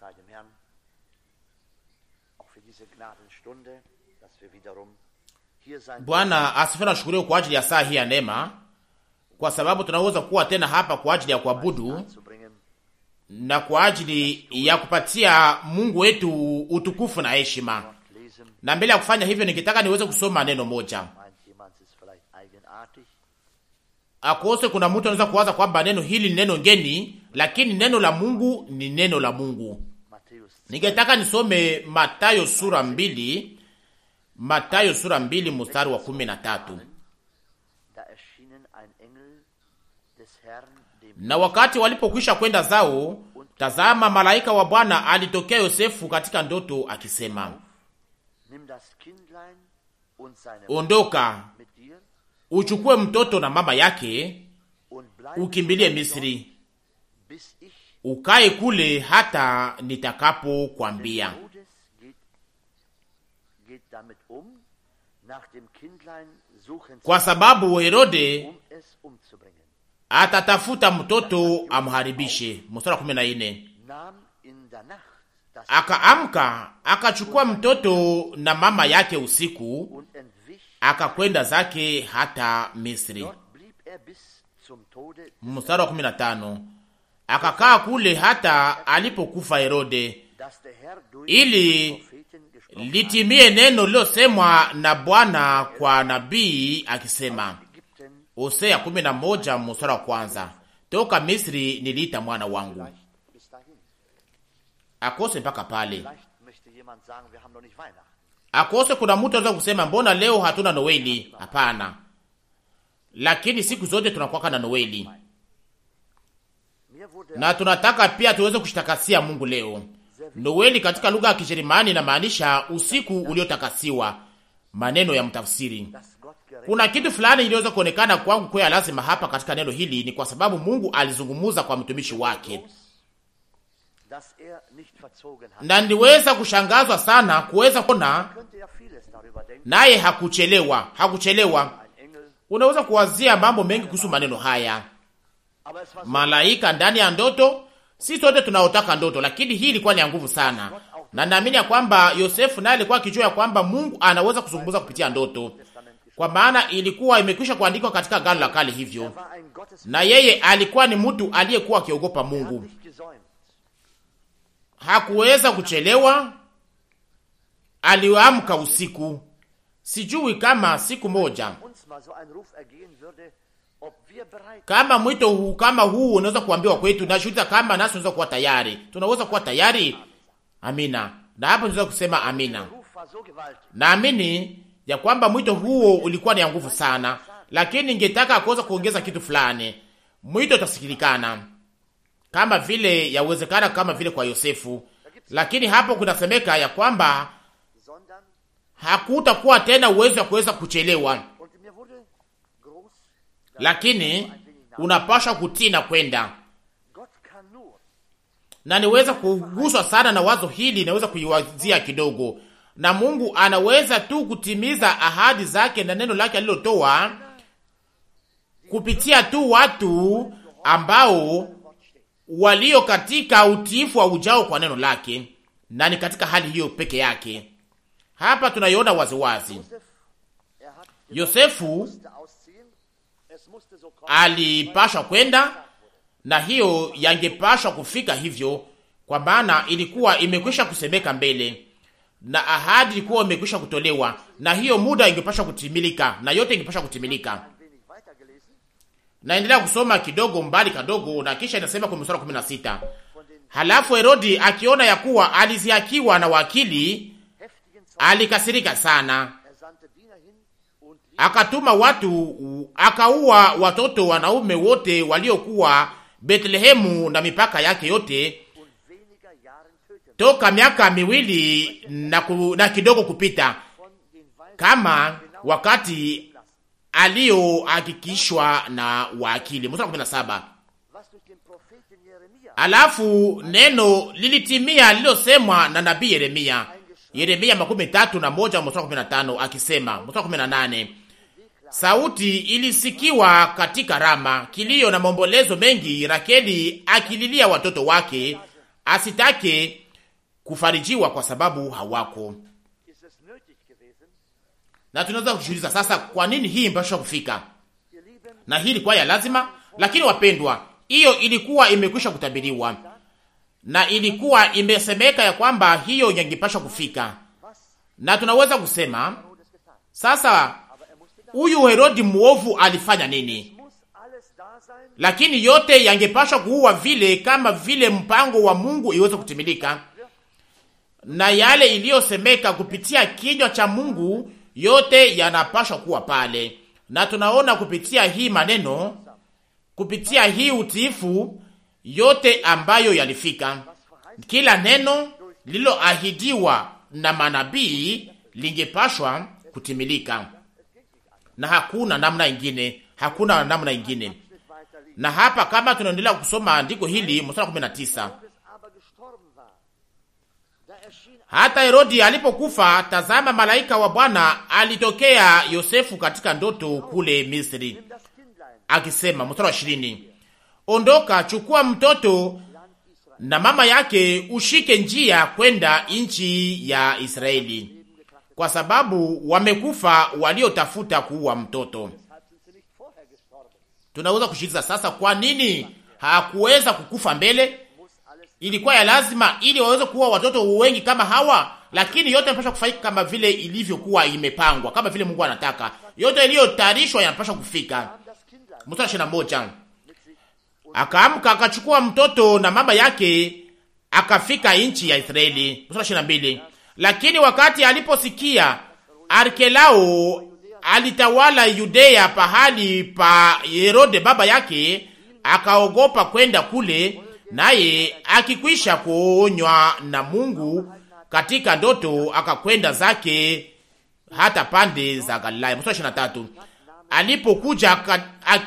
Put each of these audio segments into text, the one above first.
sei dem Herrn auch für diese Gnadenstunde, dass wir wiederum hier sein. Bwana asifiwe na shukuriwe kwa ajili ya saa hii ya neema, kwa sababu tunaweza kuwa tena hapa kwa ajili ya kuabudu na kwa ajili ya kupatia Mungu wetu utukufu na heshima. Na mbele ya kufanya hivyo, ningetaka niweze kusoma neno moja akose. Kuna mtu anaweza kuwaza kwamba neno hili ni neno ngeni, lakini neno la Mungu ni neno la Mungu. Ningetaka nisome Matayo sura mbili, Matayo sura mbili mstari wa kumi na tatu. Na wakati walipokwisha kwenda zao, tazama, malaika wa Bwana alitokea Yosefu katika ndoto akisema, ondoka uchukue mtoto na mama yake ukimbilie Misri ukae kule hata nitakapokwambia. Um. Kwa sababu um Herode atatafuta mtoto amharibishe. Mstari na 14, akaamka akachukua mtoto na mama yake usiku, akakwenda zake hata Misri. Er Mstari wa tano akakaa kule hata alipokufa Herode, ili litimie neno lilosemwa na Bwana kwa nabii akisema, Hosea 11 mstari wa kwanza, toka Misri niliita mwana wangu. Akose mpaka pale akose. Kuna mtu anaweza kusema mbona leo hatuna Noeli? Hapana, lakini siku zote tunakwaka na Noeli na tunataka pia tuweze kushitakasia Mungu leo. Noeli katika lugha ya Kijerumani inamaanisha usiku uliotakasiwa, maneno ya mtafsiri. Kuna kitu fulani iliweza kuonekana kwangu kwa lazima hapa katika neno hili, ni kwa sababu Mungu alizungumuza kwa mtumishi wake, na niweza kushangazwa sana kuweza kuona naye hakuchelewa, hakuchelewa. Unaweza kuwazia mambo mengi kuhusu maneno haya malaika ndani ya ndoto. Si sote tunaotaka ndoto, lakini hii ilikuwa ni ya nguvu sana, na naamini ya kwamba Yosefu naye alikuwa akijua ya kwamba Mungu anaweza kuzungumza kupitia ndoto, kwa maana ilikuwa imekwisha kuandikwa katika Agano la Kale hivyo, na yeye alikuwa ni mtu aliyekuwa akiogopa Mungu, hakuweza kuchelewa, aliamka usiku. Sijui kama siku moja kama mwito huu kama huu unaweza kuambiwa kwetu, nashuhudia kama nasi unaweza kuwa tayari, tunaweza kuwa tayari. Amina. Na hapo tunaweza kusema amina. Naamini ya kwamba mwito huo ulikuwa ni nguvu sana, lakini ningetaka kuweza kuongeza kitu fulani. Mwito utasikilikana kama vile yawezekana, kama vile kwa Yosefu, lakini hapo kunasemeka ya kwamba hakutakuwa tena uwezo wa kuweza kuchelewa lakini unapashwa kutii na kwenda, na niweza kuguswa sana na wazo hili, naweza kuiwazia kidogo, na Mungu anaweza tu kutimiza ahadi zake na neno lake alilotoa kupitia tu watu ambao walio katika utiifu wa ujao kwa neno lake, na ni katika hali hiyo peke yake. Hapa tunaiona waziwazi Yosefu alipashwa kwenda, na hiyo yangepashwa kufika hivyo, kwa maana ilikuwa imekwisha kusemeka mbele na ahadi ilikuwa imekwisha kutolewa, na hiyo muda ingepashwa kutimilika na yote ingepashwa kutimilika. Naendelea kusoma kidogo mbali kadogo, na kisha inasema kwa mstari wa 16, halafu Herodi akiona ya kuwa aliziakiwa na wakili, alikasirika sana akatuma watu, akaua watoto wanaume wote waliokuwa Betlehemu na mipaka yake yote toka miaka miwili na, ku, na kidogo kupita kama wakati aliyohakikishwa na waakili. Mstari kumi na saba. Alafu neno lilitimia lilosemwa na nabii Yeremia, Yeremia makumi tatu na moja mstari kumi na tano akisema, mstari kumi na nane Sauti ilisikiwa katika Rama, kilio na maombolezo mengi, Rakeli akililia watoto wake asitake kufarijiwa kwa sababu hawako. Na tunaweza kujiuliza sasa, kwa nini hii mpasha kufika? Na hii ilikuwa ya lazima, lakini wapendwa, hiyo ilikuwa imekwisha kutabiriwa na ilikuwa imesemeka ya kwamba hiyo ingepasha kufika, na tunaweza kusema sasa huyu Herodi mwovu alifanya nini? Lakini yote yangepashwa kuua vile, kama vile mpango wa Mungu iweze kutimilika na yale iliyosemeka kupitia kinywa cha Mungu, yote yanapashwa kuwa pale, na tunaona kupitia hii maneno, kupitia hii utiifu, yote ambayo yalifika, kila neno lililoahidiwa na manabii lingepashwa kutimilika na hakuna namna ingine, hakuna namna ingine. Na hapa kama tunaendelea kusoma andiko hili mstari wa 19, hata Herodi alipokufa, tazama, malaika wa Bwana alitokea Yosefu katika ndoto kule Misri akisema, mstari wa ishirini, ondoka, chukua mtoto na mama yake, ushike njia kwenda nchi ya Israeli kwa sababu wamekufa waliotafuta kuua mtoto. Tunaweza kushiriza sasa, kwa nini hakuweza kukufa mbele? Ilikuwa ya lazima ili waweze kuua watoto wengi kama hawa, lakini yote yanapaswa kufanyika kama vile ilivyokuwa imepangwa, kama vile Mungu anataka. Yote iliyotayarishwa yanapaswa kufika. Mstari ishirini na moja akaamka akachukua mtoto na mama yake akafika nchi ya Israeli. Mstari ishirini na mbili lakini wakati aliposikia Arkelao alitawala Yudea pahali pa Herode baba yake, akaogopa kwenda kule, naye akikwisha kuonywa na Mungu katika ndoto akakwenda zake hata pande za Galilaya. Mstari 23, alipokuja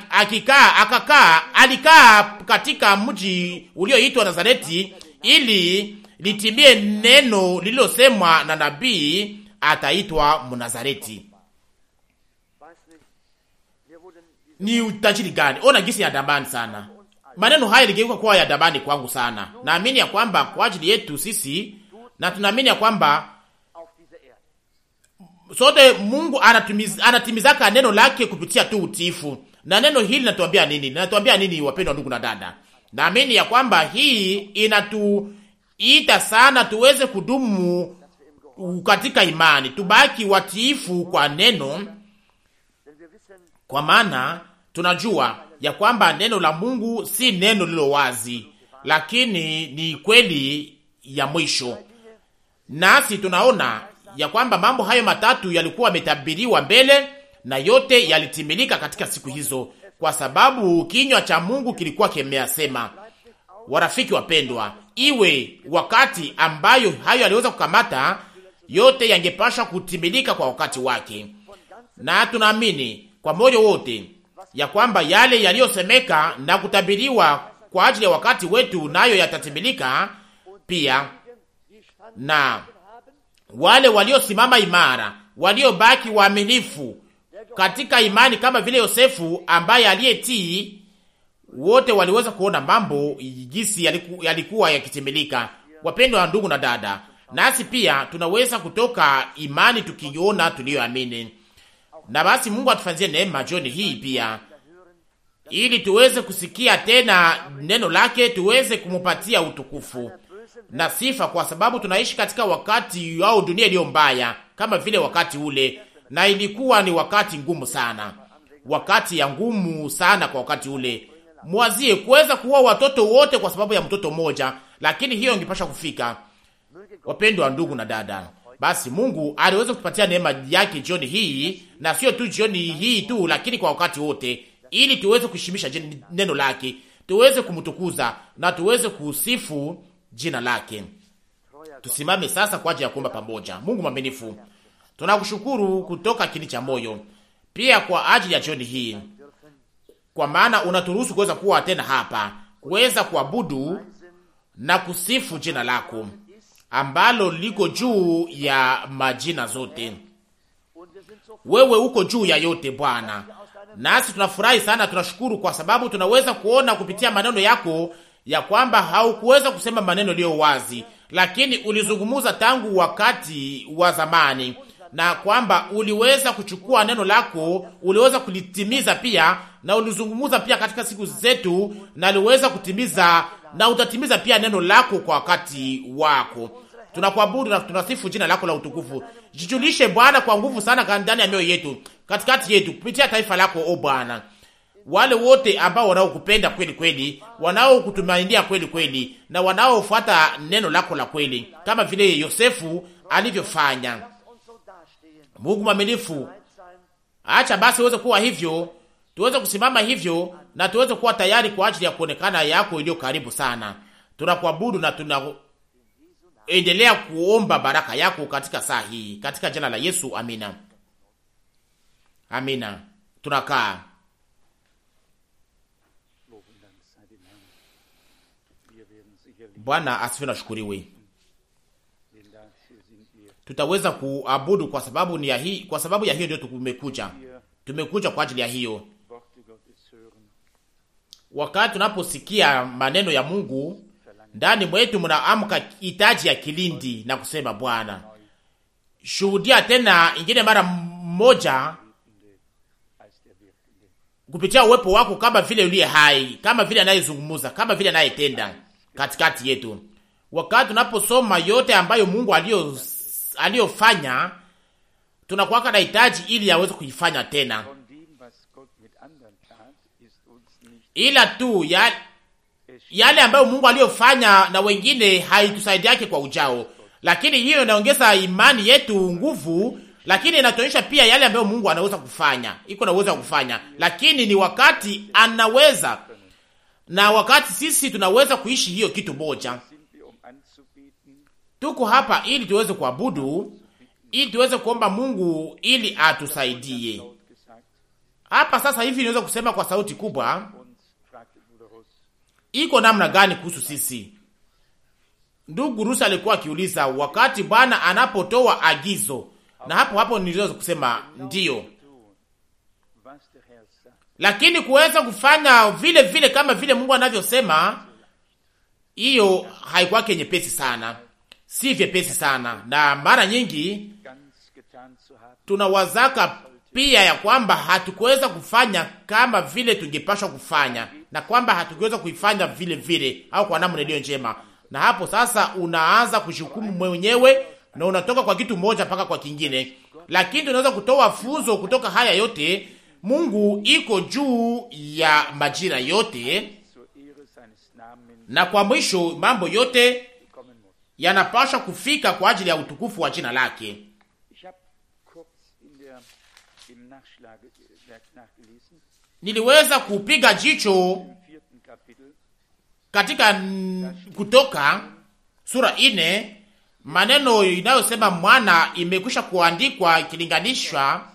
akikaa, akakaa, alikaa katika mji ulioitwa Nazareti ili litimie neno lililosemwa na nabii, ataitwa Mnazareti. Ni utajiri gani! Ona gisi ya dabani sana maneno haya ligeuka kuwa ya dabani kwangu sana. Naamini ya kwamba kwa ajili yetu sisi, na tunaamini ya kwamba sote Mungu anatumiz, anatimizaka neno lake kupitia tu utiifu. Na neno hili natuambia nini? Natuambia nini, wapendwa ndugu na dada? Naamini ya kwamba hii inatu ita sana tuweze kudumu katika imani, tubaki watiifu kwa neno, kwa maana tunajua ya kwamba neno la Mungu si neno lilo wazi, lakini ni kweli ya mwisho. Nasi tunaona ya kwamba mambo hayo matatu yalikuwa yametabiriwa mbele na yote yalitimilika katika siku hizo, kwa sababu kinywa cha Mungu kilikuwa kimeasema. Warafiki wapendwa, iwe wakati ambayo hayo aliweza kukamata yote yangepasha kutimilika kwa wakati wake, na tunaamini kwa moyo wote ya kwamba yale yaliyosemeka na kutabiriwa kwa ajili ya wakati wetu nayo yatatimilika pia, na wale waliosimama imara, waliobaki waaminifu katika imani, kama vile Yosefu ambaye aliyetii wote waliweza kuona mambo jinsi yaliku, yalikuwa yakitimilika. Wapendwa wa ndugu na dada, nasi pia tunaweza kutoka imani tukiona tuliyoamini. Na basi Mungu atufanzie neema jioni hii pia, ili tuweze kusikia tena neno lake, tuweze kumupatia utukufu na sifa, kwa sababu tunaishi katika wakati au dunia iliyo mbaya kama vile wakati ule, na ilikuwa ni wakati ngumu sana, wakati ya ngumu sana kwa wakati ule mwazie kuweza kuua watoto wote kwa sababu ya mtoto mmoja, lakini hiyo ingepasha kufika. Wapendwa ndugu na dada, basi Mungu aliweza kutupatia neema yake jioni hii, na sio tu jioni hii tu, lakini kwa wakati wote, ili tuweze kushimisha neno lake, tuweze kumtukuza na tuweze kusifu jina lake. Tusimame sasa kwa ajili ya kuomba pamoja. Mungu mwaminifu, tunakushukuru kutoka kini cha moyo pia kwa ajili ya jioni hii kwa maana unaturuhusu kuweza kuwa tena hapa, kuweza kuabudu na kusifu jina lako ambalo liko juu ya majina zote. Wewe uko juu ya yote Bwana, nasi tunafurahi sana, tunashukuru kwa sababu tunaweza kuona kupitia maneno yako ya kwamba haukuweza kusema maneno yaliyo wazi, lakini ulizungumuza tangu wakati wa zamani, na kwamba uliweza kuchukua neno lako, uliweza kulitimiza pia na ulizungumza pia katika siku zetu, na aliweza kutimiza na utatimiza pia neno lako kwa wakati wako. Tunakuabudu na tunasifu jina lako la utukufu. Jijulishe Bwana kwa nguvu sana ndani ya mioyo yetu, katikati yetu, kupitia taifa lako, o Bwana. Wale wote ambao wanaokupenda kweli kweli, wanaokutumainia kweli kweli, na wanaofuata neno lako la kweli, kama vile Yosefu alivyofanya. Mungu mwaminifu, acha basi uweze kuwa hivyo tuweze kusimama hivyo na tuweze kuwa tayari kwa ajili ya kuonekana yako iliyo karibu sana. Tunakuabudu na tunaendelea kuomba baraka yako katika saa hii, katika jina la Yesu, amina. Amina. Tunakaa Bwana asifiwe na shukuriwe. Tutaweza kuabudu kwa sababu ni ya hii, kwa sababu ya hiyo ndio tumekuja, tumekuja kwa ajili ya hiyo. Wakati tunaposikia maneno ya Mungu ndani mwetu, mnaamka hitaji ya kilindi na kusema, Bwana, shuhudia tena ingine mara moja kupitia uwepo wako, kama vile uliye hai, kama vile anayezungumza, kama vile anayetenda katikati yetu. Wakati tunaposoma yote ambayo Mungu aliyofanya, tunakuwa na hitaji ili aweze kuifanya tena ila tu yale yale ambayo Mungu aliyofanya na wengine haitusaidiake kwa ujao, lakini hiyo inaongeza imani yetu nguvu, lakini inatuonyesha pia yale ambayo Mungu anaweza kufanya, iko na uwezo wa kufanya, lakini ni wakati anaweza na wakati sisi tunaweza kuishi hiyo kitu moja. Tuko hapa ili tuweze kuabudu, ili tuweze kuomba Mungu ili atusaidie hapa sasa hivi. Niweza kusema kwa sauti kubwa iko namna gani kuhusu sisi? Ndugu Rusi alikuwa akiuliza wakati Bwana anapotoa agizo, na hapo hapo niliweza kusema ndiyo, lakini kuweza kufanya vile vile kama vile Mungu anavyosema, hiyo haikwake nyepesi sana, si vyepesi sana, na mara nyingi tunawazaka pia ya kwamba hatukuweza kufanya kama vile tungepashwa kufanya na kwamba hatukiweza kuifanya vile vile au kwa namna iliyo njema. Na hapo sasa unaanza kushukumu mwenyewe na unatoka kwa kitu moja mpaka kwa kingine, lakini tunaweza kutoa funzo kutoka haya yote. Mungu iko juu ya majira yote, na kwa mwisho mambo yote yanapaswa kufika kwa ajili ya utukufu wa jina lake niliweza kupiga jicho katika Kutoka sura ine maneno inayosema mwana imekwisha kuandikwa ikilinganishwa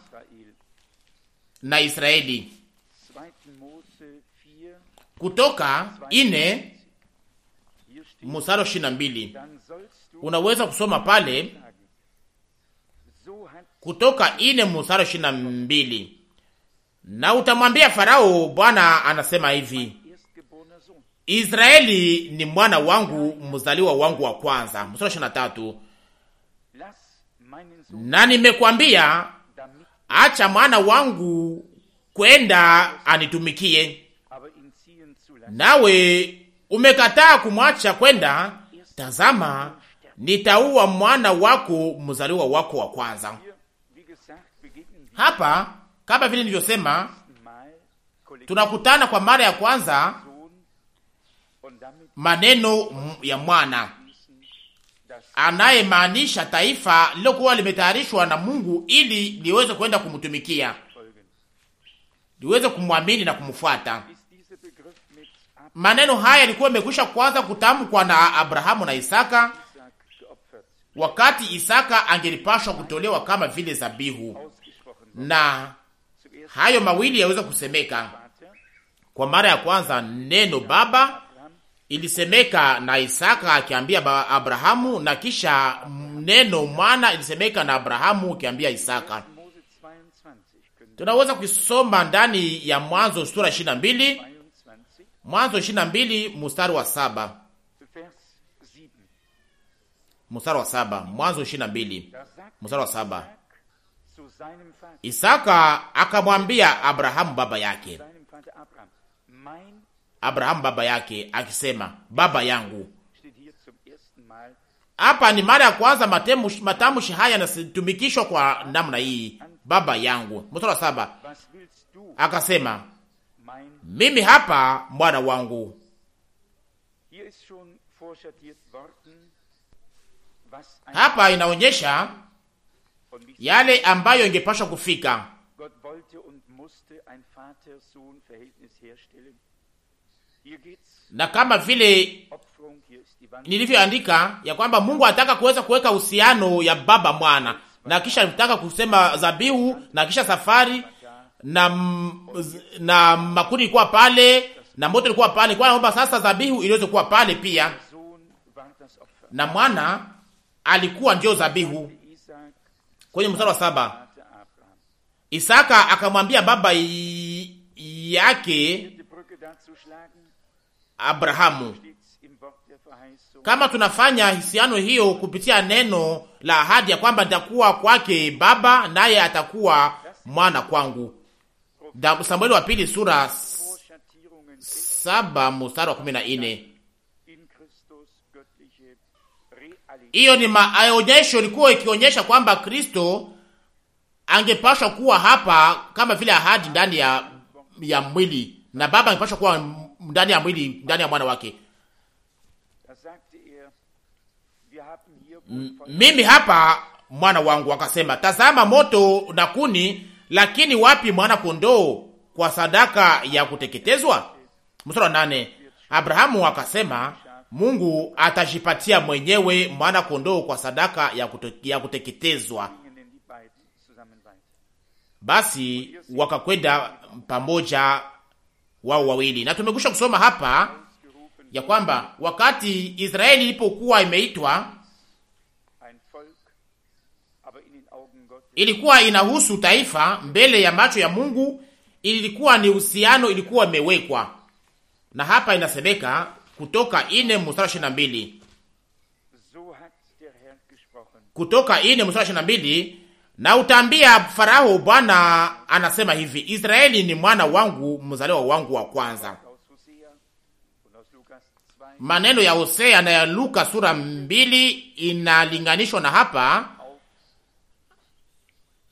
na Israeli. Kutoka ine musaro ishirini na mbili unaweza kusoma pale, Kutoka ine musaro ishirini na mbili na utamwambia Farao, Bwana anasema hivi, Israeli ni mwana wangu, mzaliwa wangu wa kwanza. Mstari ishirini na tatu na nimekwambia acha mwana wangu kwenda anitumikie, nawe umekataa kumwacha kwenda. Tazama, nitaua mwana wako mzaliwa wako wa kwanza. Hapa kama vile nilivyosema, tunakutana kwa mara ya kwanza maneno ya mwana anayemaanisha taifa lilokuwa limetayarishwa na Mungu ili liweze kwenda kumtumikia, liweze kumwamini na kumfuata. Maneno haya yalikuwa yamekwisha kwanza kutamkwa na Abrahamu na Isaka wakati Isaka angelipashwa kutolewa kama vile zabihu, na Hayo mawili yaweza kusemeka kwa mara ya kwanza. Neno baba ilisemeka na Isaka akiambia Abrahamu, na kisha neno mwana ilisemeka na Abrahamu akiambia Isaka. Tunaweza kuisoma ndani ya Mwanzo sura 22, Mwanzo 22 mstari wa saba, mstari wa saba, Mwanzo 22 mstari wa saba. Isaka akamwambia Abrahamu baba yake, Abrahamu baba yake akisema, baba yangu. Hapa ni mara ya kwanza matamshi haya yanatumikishwa kwa namna hii, baba yangu. Mstari wa saba akasema, mimi hapa mwana wangu. Hapa inaonyesha yale ambayo ingepashwa kufika. Na kama vile nilivyoandika ya kwamba Mungu anataka kuweza kuweka uhusiano ya baba mwana, na kisha alitaka kusema zabihu, na kisha safari na na makuni ilikuwa pale na moto ilikuwa pale, kwa naomba sasa zabihu iliweze kuwa pale pia, na mwana alikuwa ndio zabihu kwenye mstari wa saba Isaka akamwambia baba yake Abrahamu, kama tunafanya hisiano hiyo kupitia neno la ahadi ya kwamba nitakuwa kwake baba naye atakuwa mwana kwangu, Samueli wa pili sura saba mstari wa kumi na nne. Hiyo ni maonyesho, eh, ilikuwa ikionyesha kwamba Kristo angepashwa kuwa hapa kama vile ahadi ndani ya ya mwili, na Baba angepashwa kuwa ndani ya mwili, ndani ya mwana wake. Er, mimi hapa mwana wangu, akasema tazama moto na kuni, lakini wapi mwana kondoo kwa sadaka ya kuteketezwa? Mstari wa nane, Abrahamu akasema Mungu atajipatia mwenyewe mwana kondoo kwa sadaka ya, kute, ya kuteketezwa. Basi wakakwenda pamoja wao wawili, na tumekwisha kusoma hapa ya kwamba wakati Israeli ilipokuwa imeitwa ilikuwa inahusu taifa mbele ya macho ya Mungu, ilikuwa ni uhusiano, ilikuwa imewekwa na hapa inasemeka kutoka ine mstari ishirini na mbili Kutoka ine mstari ishirini na mbili na utaambia Farao, Bwana anasema hivi, Israeli ni mwana wangu mzaliwa wangu wa kwanza. Maneno ya Hosea na ya Luka sura mbili inalinganishwa na hapa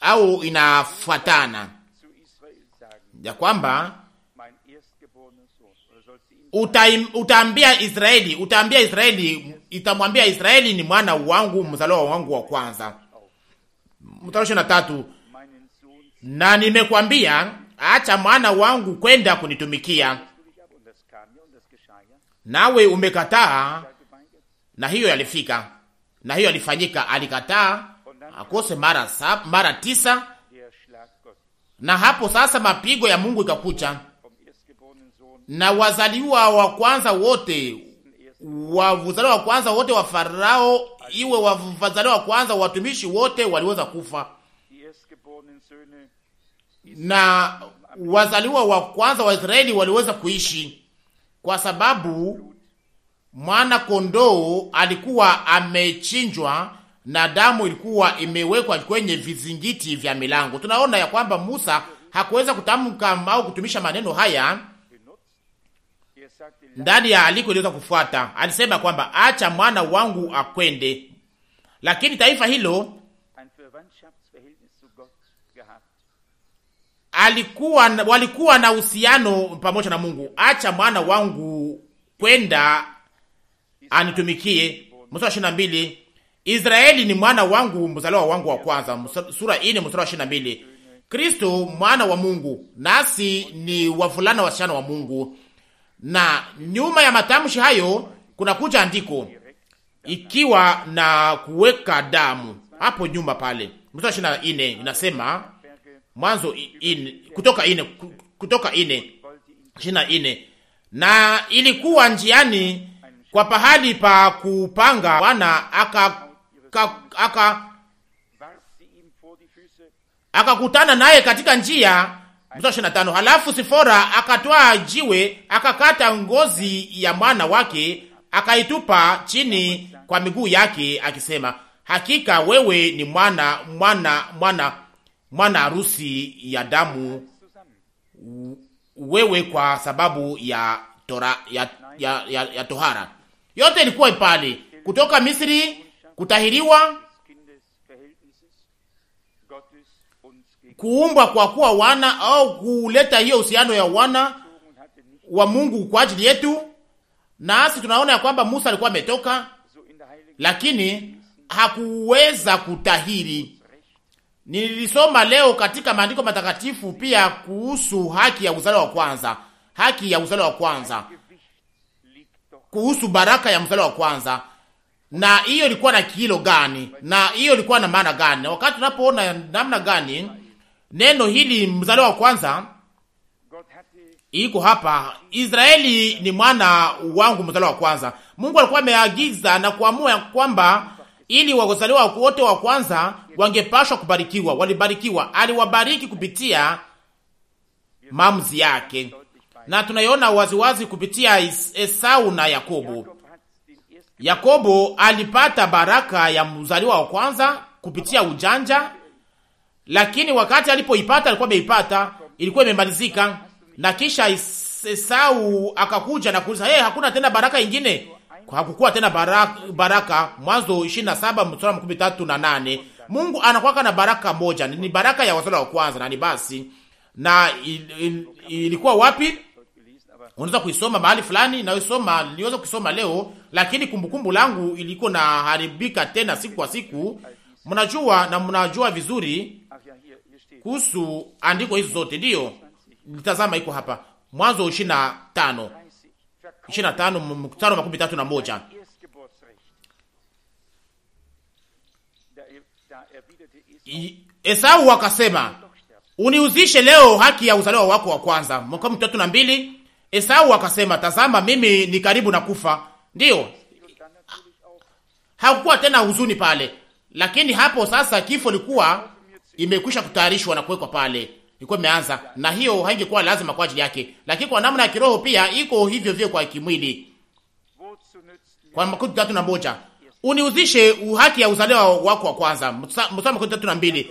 au inafuatana ya kwamba utaim, utaambia Israeli, utaambia Israeli, itamwambia Israeli ni mwana wangu mzaliwa wangu wa kwanza. Mstari na tatu, na nimekwambia acha mwana wangu kwenda kunitumikia, nawe umekataa. Na hiyo yalifika, na hiyo yalifanyika, alikataa akose mara saba, mara tisa, na hapo sasa mapigo ya Mungu ikakucha na wazaliwa wa kwanza wote wazaliwa wa kwanza wote wa Farao, iwe wazaliwa wa kwanza watumishi wote waliweza kufa, na wazaliwa wa kwanza wa Israeli waliweza kuishi kwa sababu mwana kondoo alikuwa amechinjwa na damu ilikuwa imewekwa kwenye vizingiti vya milango. Tunaona ya kwamba Musa hakuweza kutamka au kutumisha maneno haya ndani ya aliko iliweza kufuata, alisema kwamba acha mwana wangu akwende, lakini taifa hilo alikuwa walikuwa na uhusiano pamoja na Mungu. Acha mwana wangu kwenda anitumikie. Mstari wa ishirini na mbili Israeli ni mwana wangu, mzaliwa wangu wa kwanza. Sura ine mstari wa ishirini na mbili Kristo mwana wa Mungu, nasi ni wavulana wasichana wa Mungu na nyuma ya matamshi hayo kuna kuja andiko ikiwa na kuweka damu hapo nyuma pale. Mstari ishirini na ine inasema Mwanzo in, kutoka ine kutoka ine ishirini na ine na ilikuwa njiani kwa pahali pa kupanga Bwana aka akakutana aka, aka naye katika njia mstari ishirini tano halafu Sifora akatwaa jiwe akakata ngozi ya mwana wake akaitupa chini kwa miguu yake akisema, hakika wewe ni mwana mwana mwana mwana harusi ya damu wewe, kwa sababu ya tora, ya, ya, ya, ya tohara yote ilikuwa ipali kutoka Misri kutahiriwa kuumbwa kwa kuwa wana au kuleta hiyo uhusiano ya wana wa Mungu kwa ajili yetu. Nasi tunaona ya kwamba Musa alikuwa ametoka, lakini hakuweza kutahiri. Nilisoma leo katika maandiko matakatifu pia kuhusu haki ya uzalo wa kwanza, haki ya uzalo wa kwanza, kuhusu baraka ya mzalo wa kwanza, na hiyo ilikuwa na kilo gani, na hiyo ilikuwa na maana gani, wakati tunapoona namna gani Neno hili mzaliwa wa kwanza iko hapa, Israeli ni mwana wangu mzaliwa wa kwanza. Mungu alikuwa ameagiza na kuamua kwamba ili wazaliwa wote wa kwanza wangepashwa kubarikiwa, walibarikiwa. Aliwabariki kupitia maamuzi yake, na tunaiona waziwazi kupitia Esau na Yakobo. Yakobo alipata baraka ya mzaliwa wa kwanza kupitia ujanja lakini wakati alipoipata alikuwa ameipata, ilikuwa imemalizika. Na kisha Esau akakuja na kuuliza hey, eh, hakuna tena baraka ingine? Hakukuwa tena baraka, baraka. Mwanzo 27 mstari makumi tatu na nane. Mungu anakuwaka na baraka moja, ni baraka ya wazao wa kwanza na ni basi. Na il, il, ilikuwa wapi? Unaweza kuisoma mahali fulani na usoma, niliweza kusoma leo, lakini kumbukumbu langu iliko na haribika tena siku kwa siku. Mnajua na mnajua vizuri kuhusu andiko hizo zote, ndiyo nitazama, iko hapa Mwanzo ishirini na tano ishirini na tano mstari makumi tatu na moja Esau akasema uniuzishe leo haki ya uzaliwa wako wa kwanza. Makumi tatu na mbili Esau akasema tazama, mimi ni karibu na kufa. Ndiyo, hakukuwa tena huzuni pale, lakini hapo sasa kifo likuwa imekwisha kutayarishwa na kuwekwa pale, ilikuwa imeanza, na hiyo haingekuwa lazima kwa ajili yake. Lakini kwa namna ya kiroho pia iko hivyo hivyo kwa kimwili. Kwa Makuti tatu na moja, uniuzishe uhaki ya uzaliwa wako wa kwanza. Mstari Makuti tatu na mbili,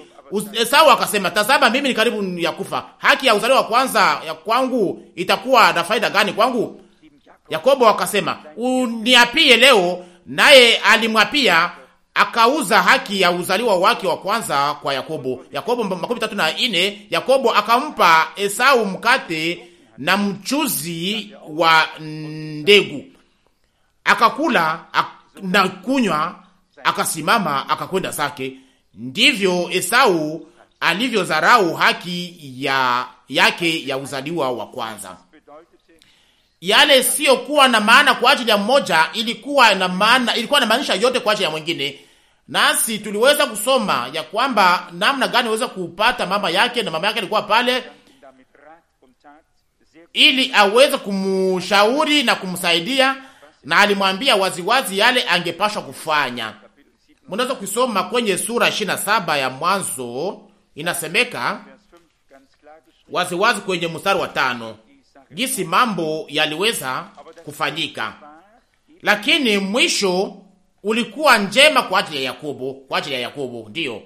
Esau eh, akasema, tazama mimi ni karibu ya kufa, haki ya uzaliwa wa kwanza ya kwangu itakuwa na faida gani kwangu? Yakobo akasema, uniapie leo, naye alimwapia akauza haki ya uzaliwa wake wa kwanza kwa Yakobo. Yakobo makumi tatu na ine. Yakobo akampa Esau mkate na mchuzi wa ndegu, akakula ak na kunywa, akasimama akakwenda zake. Ndivyo Esau alivyozarau haki ya yake ya uzaliwa wa kwanza. Yale siyokuwa na maana kwa ajili ya mmoja, ilikuwa na maana, ilikuwa na maanisha yote kwa ajili ya mwingine. Nasi tuliweza kusoma ya kwamba namna gani aweza kupata mama yake, na mama yake alikuwa pale ili aweze kumshauri na kumsaidia, na alimwambia waziwazi yale angepashwa kufanya. Mnaweza kusoma kwenye sura 27 ya Mwanzo, inasemeka waziwazi wazi kwenye mstari wa tano jinsi mambo yaliweza kufanyika, lakini mwisho ulikuwa njema kwa ajili ya Yakobo, kwa ajili ya Yakobo, ndiyo,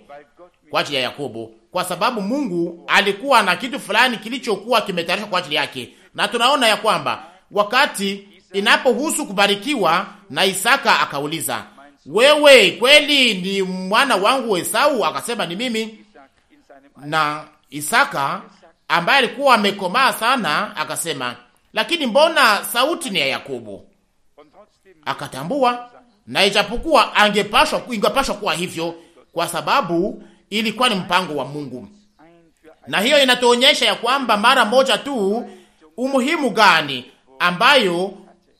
kwa ajili ya Yakobo, kwa sababu Mungu alikuwa na kitu fulani kilichokuwa kimetayarishwa kwa ajili yake, na tunaona ya kwamba wakati inapohusu kubarikiwa na Isaka akauliza, wewe kweli ni mwana wangu Esau? Akasema, ni mimi. Na Isaka ambaye alikuwa amekomaa sana akasema, lakini mbona sauti ni ya Yakobo? Akatambua na ijapokuwa angepashwa, ingepashwa kuwa hivyo, kwa sababu ilikuwa ni mpango wa Mungu, na hiyo inatuonyesha ya kwamba mara moja tu umuhimu gani ambayo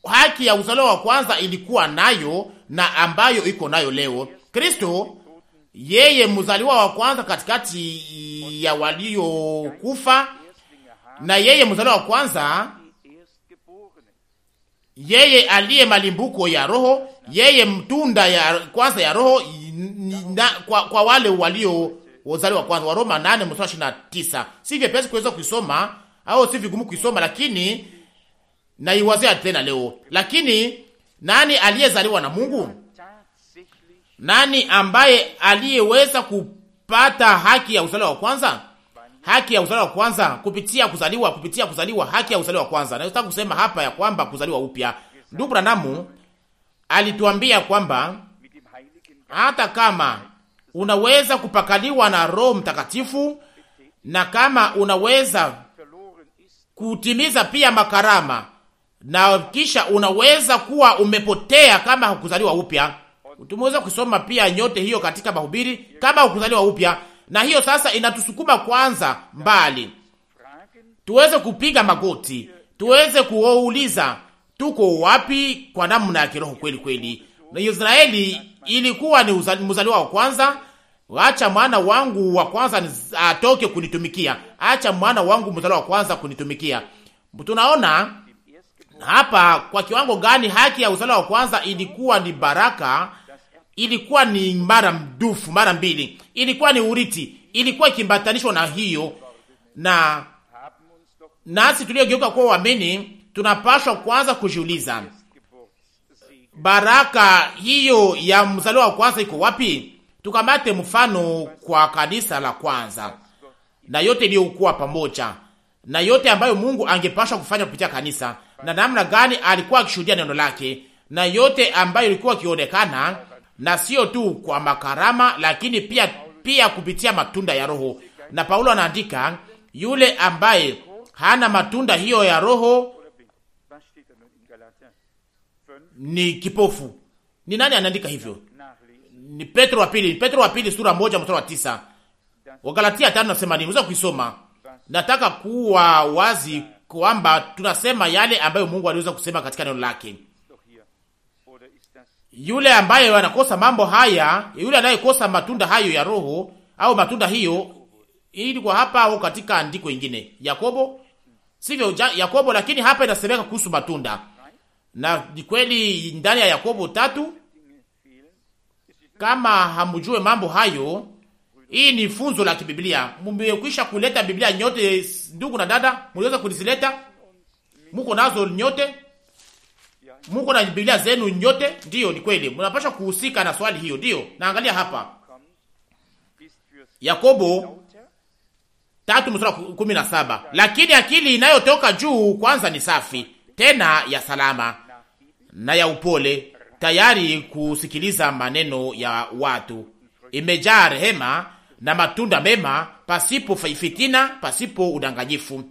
haki ya uzaliwa wa kwanza ilikuwa nayo na ambayo iko nayo leo. Kristo yeye mzaliwa wa kwanza katikati ya waliokufa, na yeye mzaliwa wa kwanza, yeye aliye malimbuko ya roho, yeye mtunda ya kwanza ya roho na, kwa, kwa wale walio wazali wa kwanza, wa Roma 8 mstari 29. Si vyepesi kuweza kuisoma au si vigumu kuisoma, lakini naiwazia tena leo. Lakini nani aliyezaliwa na Mungu? Nani ambaye aliyeweza kupata haki ya uzaliwa wa kwanza? Haki ya uzaliwa wa kwanza kupitia kuzaliwa, kupitia kuzaliwa, haki ya uzaliwa wa kwanza. Na Nataka kusema hapa ya kwamba kuzaliwa upya, ndugu Brandamu alituambia kwamba hata kama unaweza kupakaliwa na Roho Mtakatifu na kama unaweza kutimiza pia makarama na kisha unaweza kuwa umepotea kama hukuzaliwa upya. Tumeweza kusoma pia nyote hiyo katika mahubiri kama hukuzaliwa upya, na hiyo sasa inatusukuma kwanza mbali, tuweze kupiga magoti, tuweze kuuliza tuko wapi kwa namna ya kiroho kweli kweli. Na Israeli ilikuwa ni mzaliwa wa kwanza. Acha mwana wangu wa kwanza atoke kunitumikia, acha mwana wangu mzaliwa wa kwanza kunitumikia. Tunaona hapa kwa kiwango gani haki ya uzaliwa wa kwanza ilikuwa ni baraka, ilikuwa ni mara mdufu mara mbili, ilikuwa ni uriti, ilikuwa ikimbatanishwa na hiyo, na nasi tuliogeuka kuwa waamini tunapashwa kwanza kujiuliza baraka hiyo ya mzaliwa wa kwanza iko wapi? Tukamate mfano kwa kanisa la kwanza na yote iliyokuwa pamoja na yote ambayo Mungu angepashwa kufanya kupitia kanisa na namna gani alikuwa akishuhudia neno lake na yote ambayo ilikuwa akionekana na sio tu kwa makarama, lakini pia pia kupitia matunda ya Roho. Na Paulo anaandika yule ambaye hana matunda hiyo ya Roho ni kipofu. Ni nani anaandika hivyo? Ni Petro wa pili, Petro wa pili sura moja mstari wa tisa. Wagalatia tano nasema nini? Unaweza kuisoma. Nataka kuwa wazi kwamba tunasema yale ambayo Mungu aliweza kusema katika neno lake. Yule ambaye anakosa mambo haya, yule anayekosa matunda hayo ya roho au matunda hiyo, ili kwa hapa au katika andiko ingine Yakobo, sivyo? Yakobo, lakini hapa inasemeka kuhusu matunda na ni kweli ndani ya Yakobo tatu. Kama hamjue mambo hayo, hii ni funzo la kibiblia. mumekwisha kuleta Biblia nyote, ndugu na dada, mliweza kulizileta, muko nazo nyote, muko na Biblia zenu nyote. Ndiyo, ni kweli, mnapasha kuhusika na swali hiyo. Ndiyo, naangalia hapa Yakobo tatu mstari kumi na saba lakini akili inayotoka juu kwanza ni safi tena ya salama na ya upole, tayari kusikiliza maneno ya watu, imejaa rehema na matunda mema, pasipo fitina, pasipo udanganyifu.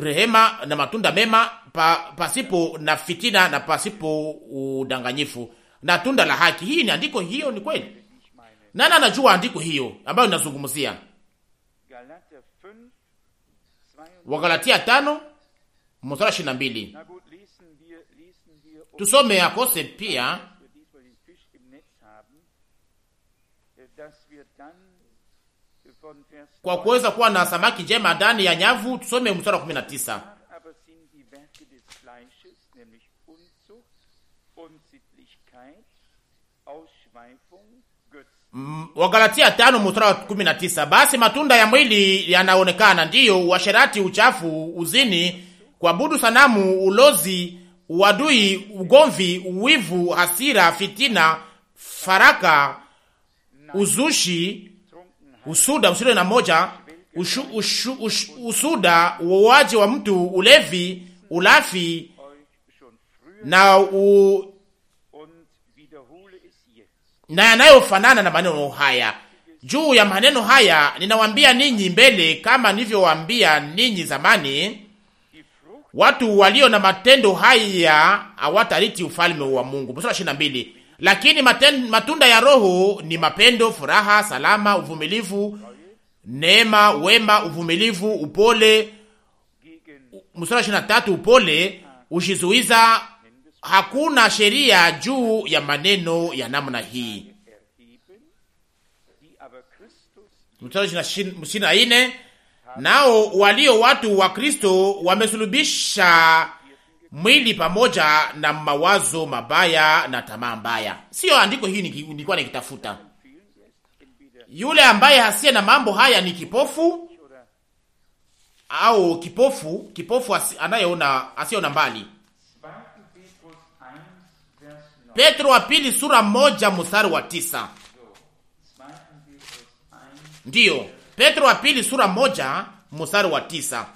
Rehema na matunda mema pa, pasipo na fitina na pasipo udanganyifu na tunda la haki. Hii ni andiko, hiyo ni kweli. Nani anajua andiko hiyo ambayo ninazungumzia? Wagalatia tano mstari ishirini na mbili. Tusome akose pia äh, kwa kuweza kuwa na samaki njema ndani ya nyavu. Tusome mstari wa tisa. Wagalatia tano mstari wa 19, basi matunda ya mwili yanaonekana ndiyo uasherati, uchafu, uzini kuabudu sanamu, ulozi, uadui, ugomvi, wivu, hasira, fitina, faraka, uzushi, usuda, usuda na moja ushu, ushu, ushu, usuda, uoaji wa mtu, ulevi, ulafi na u na yanayofanana na maneno haya. Juu ya maneno haya ninawambia ninyi mbele, kama nilivyowaambia ninyi zamani, watu walio na matendo haya hawatariti ufalme wa Mungu. Mstari ishirini na mbili. Lakini maten, matunda ya Roho ni mapendo, furaha, salama, uvumilivu, neema, wema, uvumilivu, upole. Mstari ishirini na tatu. Upole ushizuiza, hakuna sheria juu ya maneno ya namna hii. Mstari ishirini na nne nao walio watu wa Kristo wamesulubisha mwili pamoja na mawazo mabaya na tamaa mbaya. Siyo andiko hii nilikuwa nikitafuta. Yule ambaye hasiye na mambo haya ni kipofu au kipofu, kipofu anayeona asiyeona mbali. Petro wa pili sura moja mstari wa tisa ndiyo Petro wa pili sura moja mstari wa tisa.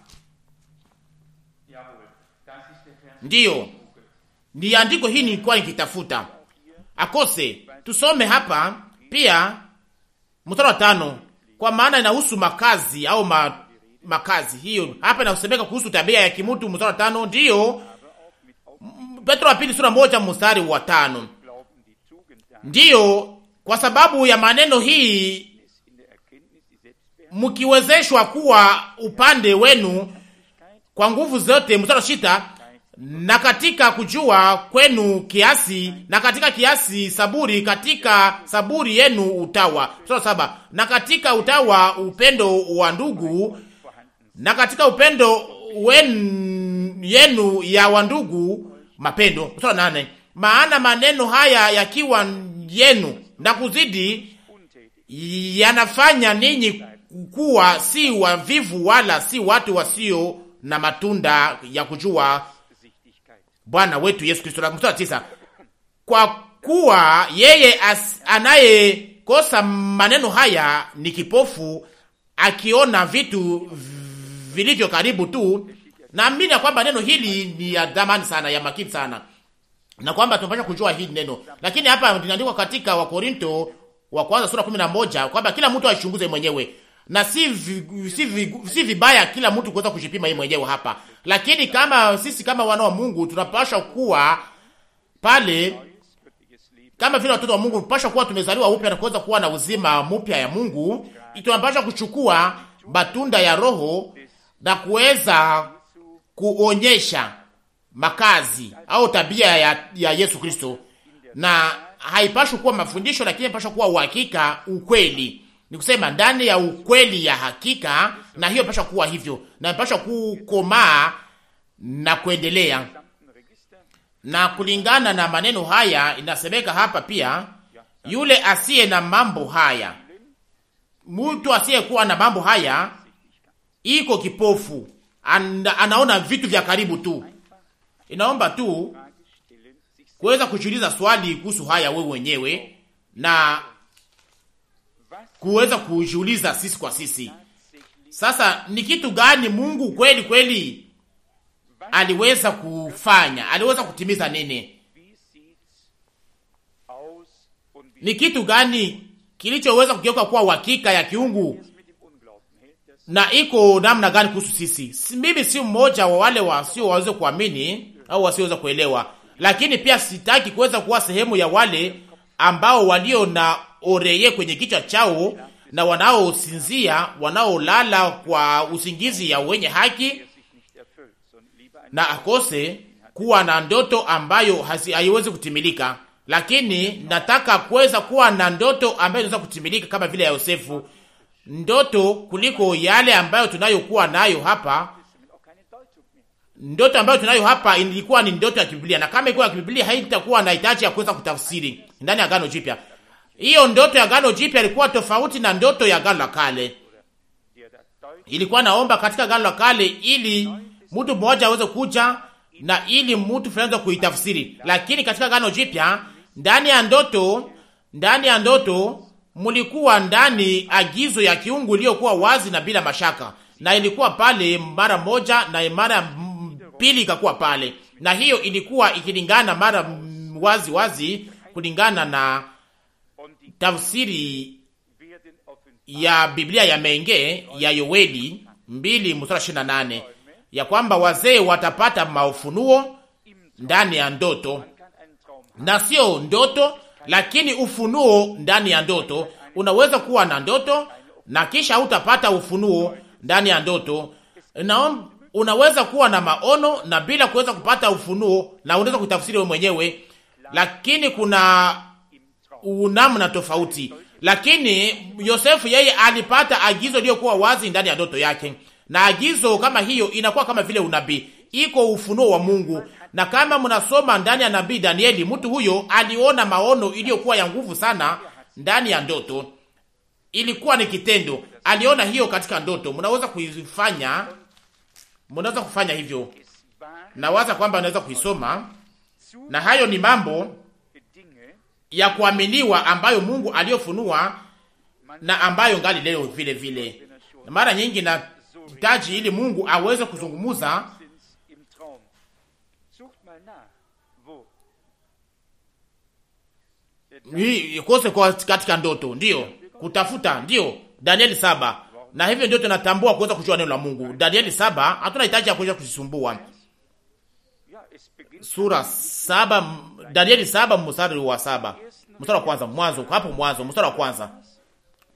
Ndiyo, ni andiko hii nilikuwa nikitafuta akose. Tusome hapa pia mstari wa tano, kwa maana inahusu makazi au ma, makazi hiyo hapa inasemeka kuhusu tabia ya kimutu. Mstari wa tano, ndiyo Petro wa pili sura moja mstari wa tano. Ndiyo, kwa sababu ya maneno hii mkiwezeshwa kuwa upande wenu kwa nguvu zote. Mstari na katika kujua kwenu kiasi, na katika kiasi saburi, katika saburi yenu utawa. Mstari saba na katika utawa upendo wa ndugu, na katika upendo wenu yenu ya wandugu mapendo. Mstari nane maana maneno haya yakiwa yenu na kuzidi yanafanya ninyi kuwa si wavivu wala si watu wasio na matunda ya kujua Bwana wetu Yesu Kristo. Mstari tisa, kwa kuwa yeye anayekosa maneno haya ni kipofu, akiona vitu vilivyo karibu tu. Naamini ya kwamba neno hili ni ya dhamani sana, ya makini sana, na kwamba tunapaswa kujua hili neno, lakini hapa linaandikwa katika Wakorinto wa kwanza sura 11 kwamba kila mtu aichunguze mwenyewe na si, vi, si, vi, si vibaya kila mtu kuweza kujipima yeye mwenyewe hapa, lakini kama sisi kama wana wa Mungu tunapasha kuwa pale kama vile watoto wa Mungu tunapasha kuwa tumezaliwa upya na kuweza kuwa na uzima mpya ya Mungu. Tunapasha kuchukua matunda ya Roho na kuweza kuonyesha makazi au tabia ya, ya Yesu Kristo, na haipashi kuwa mafundisho, lakini inapashwa kuwa uhakika, ukweli ni kusema ndani ya ukweli ya hakika, na hiyo pasha kuwa hivyo na pasha kukomaa na kuendelea. Na kulingana na maneno haya inasemeka hapa pia, yule asiye na mambo haya, mtu asiyekuwa na mambo haya iko kipofu, ana, anaona vitu vya karibu tu. Inaomba tu kuweza kujiuliza swali kuhusu haya wewe mwenyewe na kuweza kujiuliza sisi kwa sisi, sasa ni kitu gani Mungu kweli kweli aliweza kufanya, aliweza kutimiza nini? Ni kitu gani kilichoweza kugeuka kuwa uhakika ya kiungu na iko namna gani kuhusu sisi? Mimi si mmoja wa wale wasio waweze kuamini au wasioweza kuelewa, lakini pia sitaki kuweza kuwa sehemu ya wale ambao walio na oreye kwenye kichwa chao na wanaosinzia, wanaolala kwa usingizi ya wenye haki, na akose kuwa na ndoto ambayo haiwezi kutimilika. Lakini nataka kuweza kuwa na ndoto ambayo inaweza kutimilika kama vile ya Yosefu, ndoto kuliko yale ambayo tunayokuwa nayo hapa. Ndoto ambayo tunayo hapa ilikuwa ni ndoto ya Kibiblia, na kama ilikuwa ya Kibiblia haitakuwa na hitaji ya kuweza kutafsiri ndani ya Agano Jipya. Hiyo ndoto ya Agano Jipya ilikuwa tofauti na ndoto ya Agano la Kale. Ilikuwa naomba katika Agano la Kale ili mtu mmoja aweze kuja na ili mtu fulani kuitafsiri, lakini katika Agano Jipya ndani ya ndoto, ndani ya ndoto mulikuwa ndani agizo ya kiungu iliyokuwa wazi na bila mashaka, na ilikuwa pale mara moja na mara pili ikakuwa pale, na hiyo ilikuwa ikilingana mara wazi wazi kulingana na tafsiri ya Biblia ya Menge ya yoweli mbili mstari ishirini nane ya kwamba wazee watapata maufunuo ndani ya ndoto, na sio ndoto, lakini ufunuo ndani ya ndoto. Unaweza kuwa na ndoto na kisha utapata ufunuo ndani ya ndoto na unaweza kuwa na maono na bila kuweza kupata ufunuo, na unaweza kutafsiri wewe mwenyewe lakini kuna unamna tofauti. Lakini Yosefu yeye alipata agizo iliyokuwa wazi ndani ya ndoto yake, na agizo kama hiyo inakuwa kama vile unabii, iko ufunuo wa Mungu. Na kama mnasoma ndani ya nabii Danieli, mtu huyo aliona maono iliyokuwa ya nguvu sana ndani ya ndoto, ilikuwa ni kitendo. Aliona hiyo katika ndoto. Mnaweza kuifanya, mnaweza kufanya hivyo. Nawaza kwamba naweza kuisoma na hayo ni mambo ya kuaminiwa ambayo Mungu aliyofunua na ambayo ngali leo vile vile. Na mara nyingi na hitaji ili Mungu aweze kuzungumuza kose kwa katika ndoto, ndiyo kutafuta, ndiyo Danieli saba. Na hivyo ndio tunatambua kuweza kujua neno la Mungu. Danieli saba hatuna hitaji ya kuweza kujisumbua sura saba, Danieli saba mstari wa saba, mstari wa kwanza, mwanzo hapo mwanzo, mstari wa kwanza,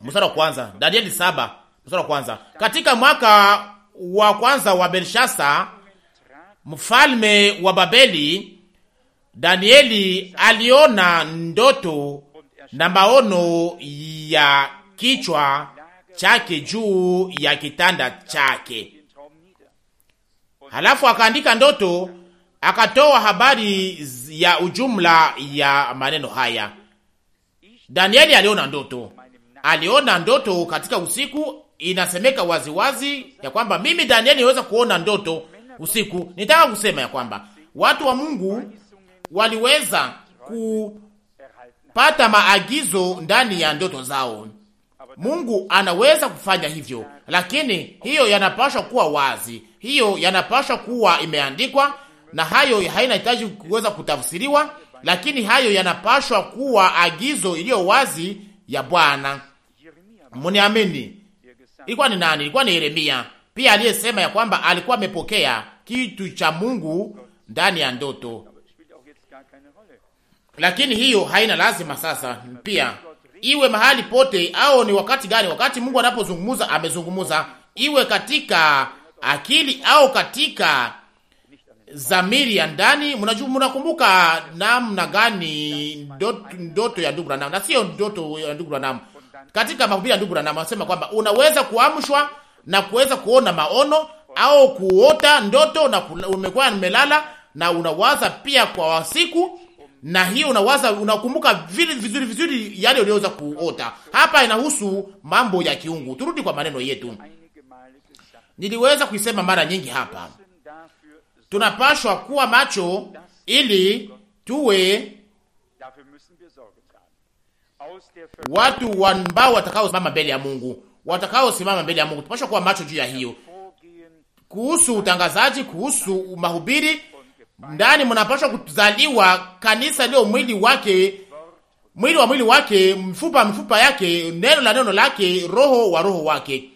mstari wa kwanza, Danieli saba mstari wa kwanza. Katika mwaka wa kwanza wa Belshasa mfalme wa Babeli, Danieli aliona ndoto na maono ya kichwa chake juu ya kitanda chake. Halafu akaandika ndoto akatoa habari ya ujumla ya maneno haya. Danieli aliona ndoto, aliona ndoto katika usiku. Inasemeka waziwazi wazi ya kwamba mimi Danieli niweza kuona ndoto usiku. Nitaka kusema ya kwamba watu wa Mungu waliweza kupata maagizo ndani ya ndoto zao. Mungu anaweza kufanya hivyo, lakini hiyo yanapaswa kuwa wazi, hiyo yanapaswa kuwa imeandikwa na hayo hitaji kuweza kutafsiriwa, lakini hayo yanapashwa kuwa agizo iliyo wazi ya Bwana. Mniamini, ilikuwa ni nani? Ilikuwa ni Yeremia pia aliyesema ya kwamba alikuwa amepokea kitu cha Mungu ndani ya ndoto, lakini hiyo haina lazima sasa pia iwe mahali pote au ni wakati gani? Wakati Mungu anapozungumza amezungumza, iwe katika akili au katika zamiri ya ndani. Mnakumbuka namna gani ndoto, ndoto ya ndugu Branham na sio ndoto ya ndugu Branham? Katika mahubiri ya ndugu Branham anasema kwamba unaweza kuamshwa na kuweza kuona maono au kuota ndoto na umekuwa umelala na unawaza pia kwa wasiku na hiyo unawaza unakumbuka vile vizuri vizuri yale uliweza kuota. Hapa inahusu mambo ya kiungu. Turudi kwa maneno yetu, niliweza kuisema mara nyingi hapa tunapashwa kuwa macho ili tuwe watu ambao watakaosimama mbele ya Mungu, watakaosimama mbele ya Mungu. Tunapashwa kuwa macho juu ya hiyo, kuhusu utangazaji, kuhusu mahubiri ndani mnapashwa kuzaliwa kanisa lio mwili wake, mwili wa mwili wake, mfupa mfupa yake, neno la neno lake, roho wa roho wake,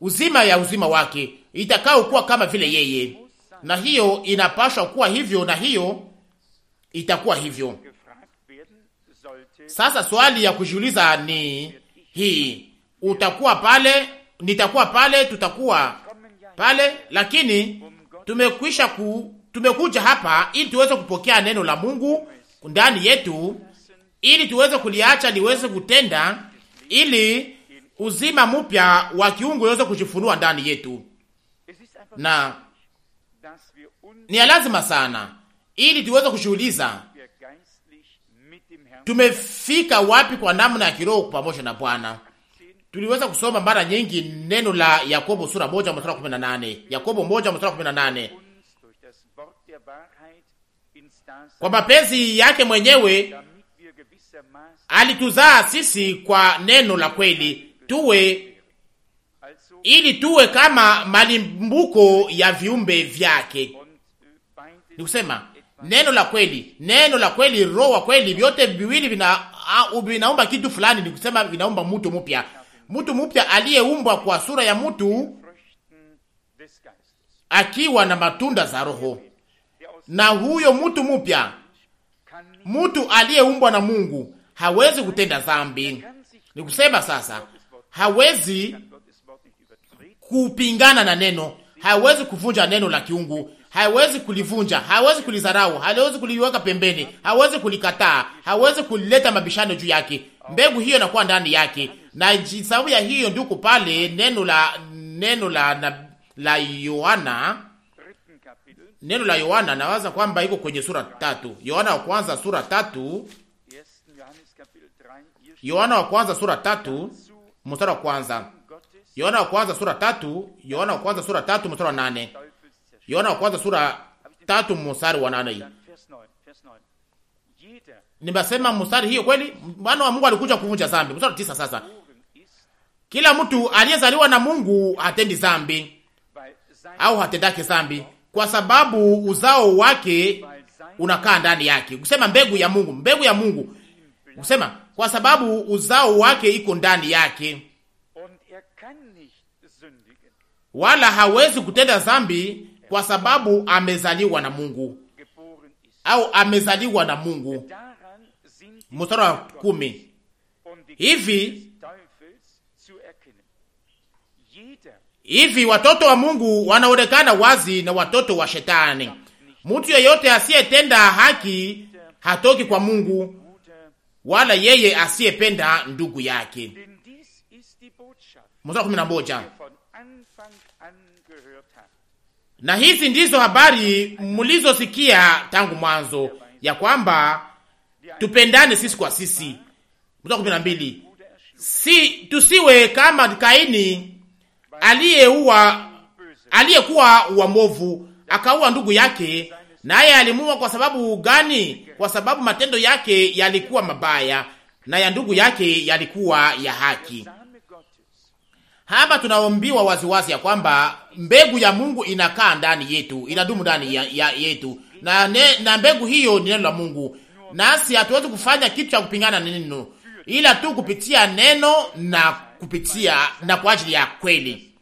uzima ya uzima wake, itakaokuwa kama vile yeye na hiyo inapashwa kuwa hivyo, na hiyo itakuwa hivyo. Sasa swali ya kujiuliza ni hii, utakuwa pale, nitakuwa pale, tutakuwa pale, lakini tumekwisha ku, tumekuja hapa ili tuweze kupokea neno la Mungu ndani yetu, ili tuweze kuliacha liweze kutenda, ili uzima mpya wa kiungu uweze kujifunua ndani yetu na ni ya lazima sana, ili tuweze kushuhuliza tumefika wapi kwa namna ya kiroho pamoja na Bwana. Tuliweza kusoma mara nyingi neno la Yakobo sura moja mstari kumi na nane Yakobo moja mstari kumi na nane kwa mapenzi yake mwenyewe alituzaa sisi kwa neno la kweli, tuwe ili tuwe kama malimbuko ya viumbe vyake ni kusema neno la kweli, neno la kweli, roho wa kweli, vyote viwili vina vinaumba kitu fulani, ni kusema vinaumba mtu mpya, mtu mpya aliyeumbwa kwa sura ya mtu akiwa na matunda za Roho. Na huyo mtu mpya, mtu aliyeumbwa na Mungu hawezi kutenda dhambi, ni kusema sasa hawezi kupingana na neno, hawezi kuvunja neno la kiungu hawezi kulivunja, hawezi kulizarau, hawezi kuliweka pembeni, hawezi kulikataa, hawezi kuleta mabishano juu yake. Mbegu hiyo inakuwa ndani yake, na sababu ya hiyo nduku pale neno la neno la na, la Yohana neno la Yohana nawaza kwamba iko kwenye sura tatu, Yohana wa kwanza sura tatu, Yohana wa kwanza sura tatu mstari wa kwanza, Yohana wa kwanza sura tatu, Yohana wa kwanza sura tatu mstari wa nane. Yohana wa kwanza sura tatu mstari wa nane. Nimesema mstari hiyo kweli, maana wa Mungu alikuja kuvunja dhambi. Mstari tisa sasa. Kila mtu aliyezaliwa na Mungu hatendi dhambi au hatendake dhambi kwa sababu uzao wake unakaa ndani yake. Kusema mbegu ya Mungu, mbegu ya Mungu. Kusema kwa sababu uzao wake iko ndani yake. Er Wala hawezi kutenda zambi kwa sababu amezaliwa na Mungu au amezaliwa na Mungu. Mstari wa kumi hivi hivi watoto wa Mungu wanaonekana wazi na watoto wa Shetani. Mtu yeyote asiyetenda haki hatoki kwa Mungu, wala yeye asiyependa ndugu yake. Mstari wa kumi na moja na hizi ndizo habari mlizosikia tangu mwanzo ya kwamba tupendane sisi kwa sisi. Mstari kumi na mbili, si tusiwe kama Kaini aliyeua aliyekuwa mwovu akaua ndugu yake, naye alimuua kwa sababu gani? Kwa sababu matendo yake yalikuwa mabaya na ya ndugu yake yalikuwa ya haki. Hapa tunaombiwa waziwazi ya kwamba mbegu ya Mungu inakaa ndani yetu, inadumu ndani ya, ya yetu na, ne, na mbegu hiyo ni neno la Mungu, nasi hatuwezi kufanya kitu cha kupingana na neno, ila tu kupitia neno na kupitia na kwa ajili ya kweli,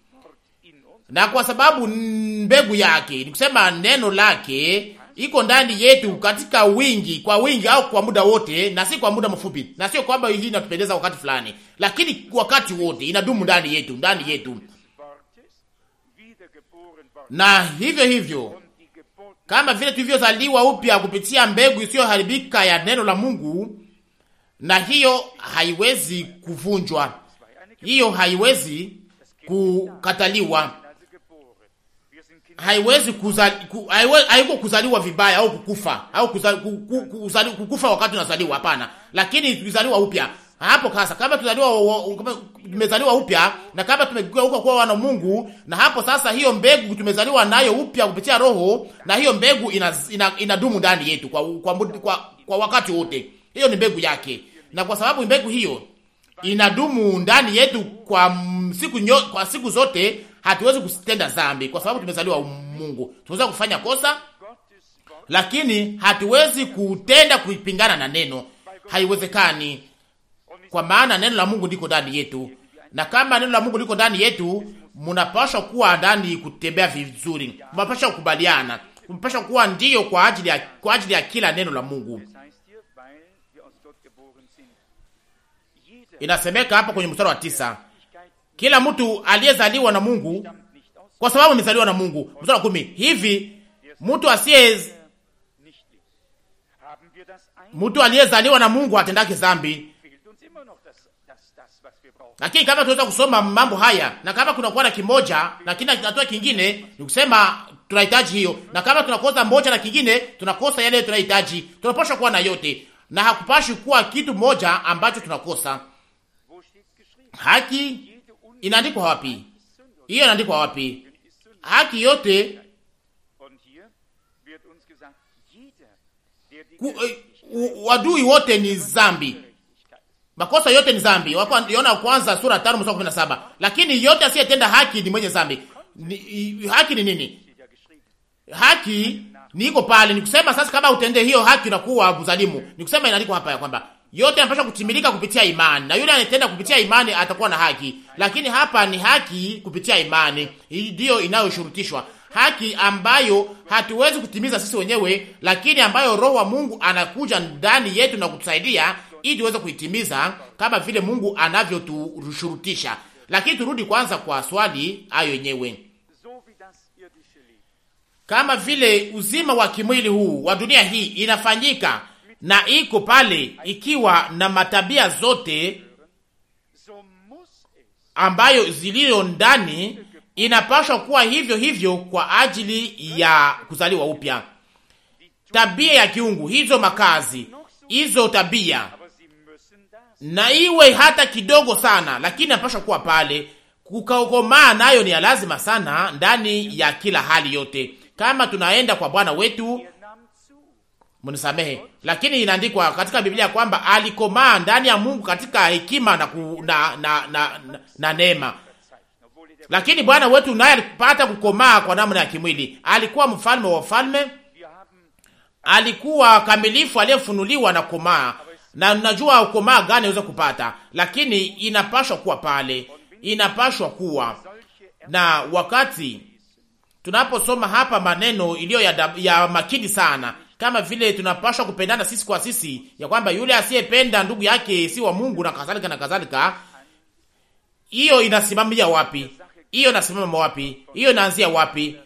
na kwa sababu mbegu yake ni kusema neno lake iko ndani yetu katika wingi, kwa wingi au kwa muda wote, na si kwa muda mfupi, na sio kwamba hii inatupendeza wakati fulani, lakini wakati wote inadumu ndani yetu, ndani yetu. Na hivyo hivyo kama vile tulivyozaliwa upya kupitia mbegu isiyoharibika ya neno la Mungu, na hiyo haiwezi kuvunjwa, hiyo haiwezi kukataliwa haiwezi kuzali, ku, haiko kuzaliwa vibaya au kukufa au kuzali, ku, kuzali, kukufa wakati unazaliwa hapana, lakini kuzaliwa upya hapo sasa. Kama tuzaliwa tumezaliwa upya na kama tumegeuka kuwa wana Mungu, na hapo sasa hiyo mbegu tumezaliwa nayo upya kupitia Roho, na hiyo mbegu inadumu ina, ina ndani yetu kwa, kwa, kwa, kwa wakati wote. Hiyo ni mbegu yake, na kwa sababu mbegu hiyo inadumu ndani yetu kwa siku nyo, kwa siku zote. Hatuwezi kutenda dhambi kwa sababu tumezaliwa Mungu. Tunaweza kufanya kosa, lakini hatuwezi kutenda kuipingana na neno, haiwezekani, kwa maana neno la Mungu liko ndani yetu, na kama neno la Mungu liko ndani yetu, mnapaswa kuwa ndani kutembea vizuri, mnapaswa kukubaliana, mnapaswa kuwa ndio kwa ajili ya, kwa ajili ya kila neno la Mungu Inasemeka hapa kwenye mstari wa tisa, kila mtu aliyezaliwa na Mungu, kwa sababu amezaliwa na Mungu. Mstari wa kumi, hivi mtu asiye mtu aliyezaliwa na Mungu atendake dhambi. Lakini kama tunaweza kusoma mambo haya na kama kunakuwa na kimoja na kina kingine, ni kusema tunahitaji hiyo, na kama tunakosa moja na kingine, tunakosa yale tunahitaji Tunapaswa kuwa na yote na hakupashi kuwa kitu moja ambacho tunakosa. Haki inaandikwa wapi? Hiyo inaandikwa wapi? Haki yote ku, uh, wadui wote ni zambi, makosa yote ni zambi. Waona kwanza sura tano mstari kumi saba. Lakini yote asiyetenda haki ni mwenye zambi. Ni, haki ni nini? Haki ni iko pale, ni kusema sasa, kama utende hiyo haki unakuwa mzalimu. Ni kusema inaandikwa hapa ya kwamba yote yanapaswa kutimilika kupitia imani, na yule anayetenda kupitia imani atakuwa na haki. Lakini hapa ni haki kupitia imani, ndiyo inayoshurutishwa, haki ambayo hatuwezi kutimiza sisi wenyewe, lakini ambayo Roho wa Mungu anakuja ndani yetu na kutusaidia ili tuweze kuitimiza kama vile Mungu anavyotushurutisha. Lakini turudi kwanza kwa swali hayo yenyewe, kama vile uzima wa kimwili huu wa dunia hii inafanyika na iko pale ikiwa na matabia zote ambayo ziliyo ndani, inapaswa kuwa hivyo hivyo kwa ajili ya kuzaliwa upya. Tabia ya kiungu, hizo makazi, hizo tabia, na iwe hata kidogo sana, lakini inapaswa kuwa pale. Kukaokomaa nayo ni ya lazima sana ndani ya kila hali yote, kama tunaenda kwa Bwana wetu mnisamehe, lakini inaandikwa katika Biblia kwamba alikomaa ndani ya Mungu katika hekima na, ku, na, na, na, na, na neema. Lakini Bwana wetu naye alipata kukomaa kwa namna ya kimwili. Alikuwa mfalme wa wafalme, alikuwa kamilifu aliyefunuliwa na komaa, na najua ukomaa gani aweza kupata, lakini inapashwa kuwa pale, inapashwa kuwa na wakati tunaposoma hapa maneno iliyo ya, ya makini sana kama vile tunapashwa kupendana sisi kwa sisi, ya kwamba yule asiyependa ndugu yake si wa Mungu na kadhalika na kadhalika. Hiyo inasimamia wapi? Hiyo inasimama wapi? Hiyo inaanzia wapi?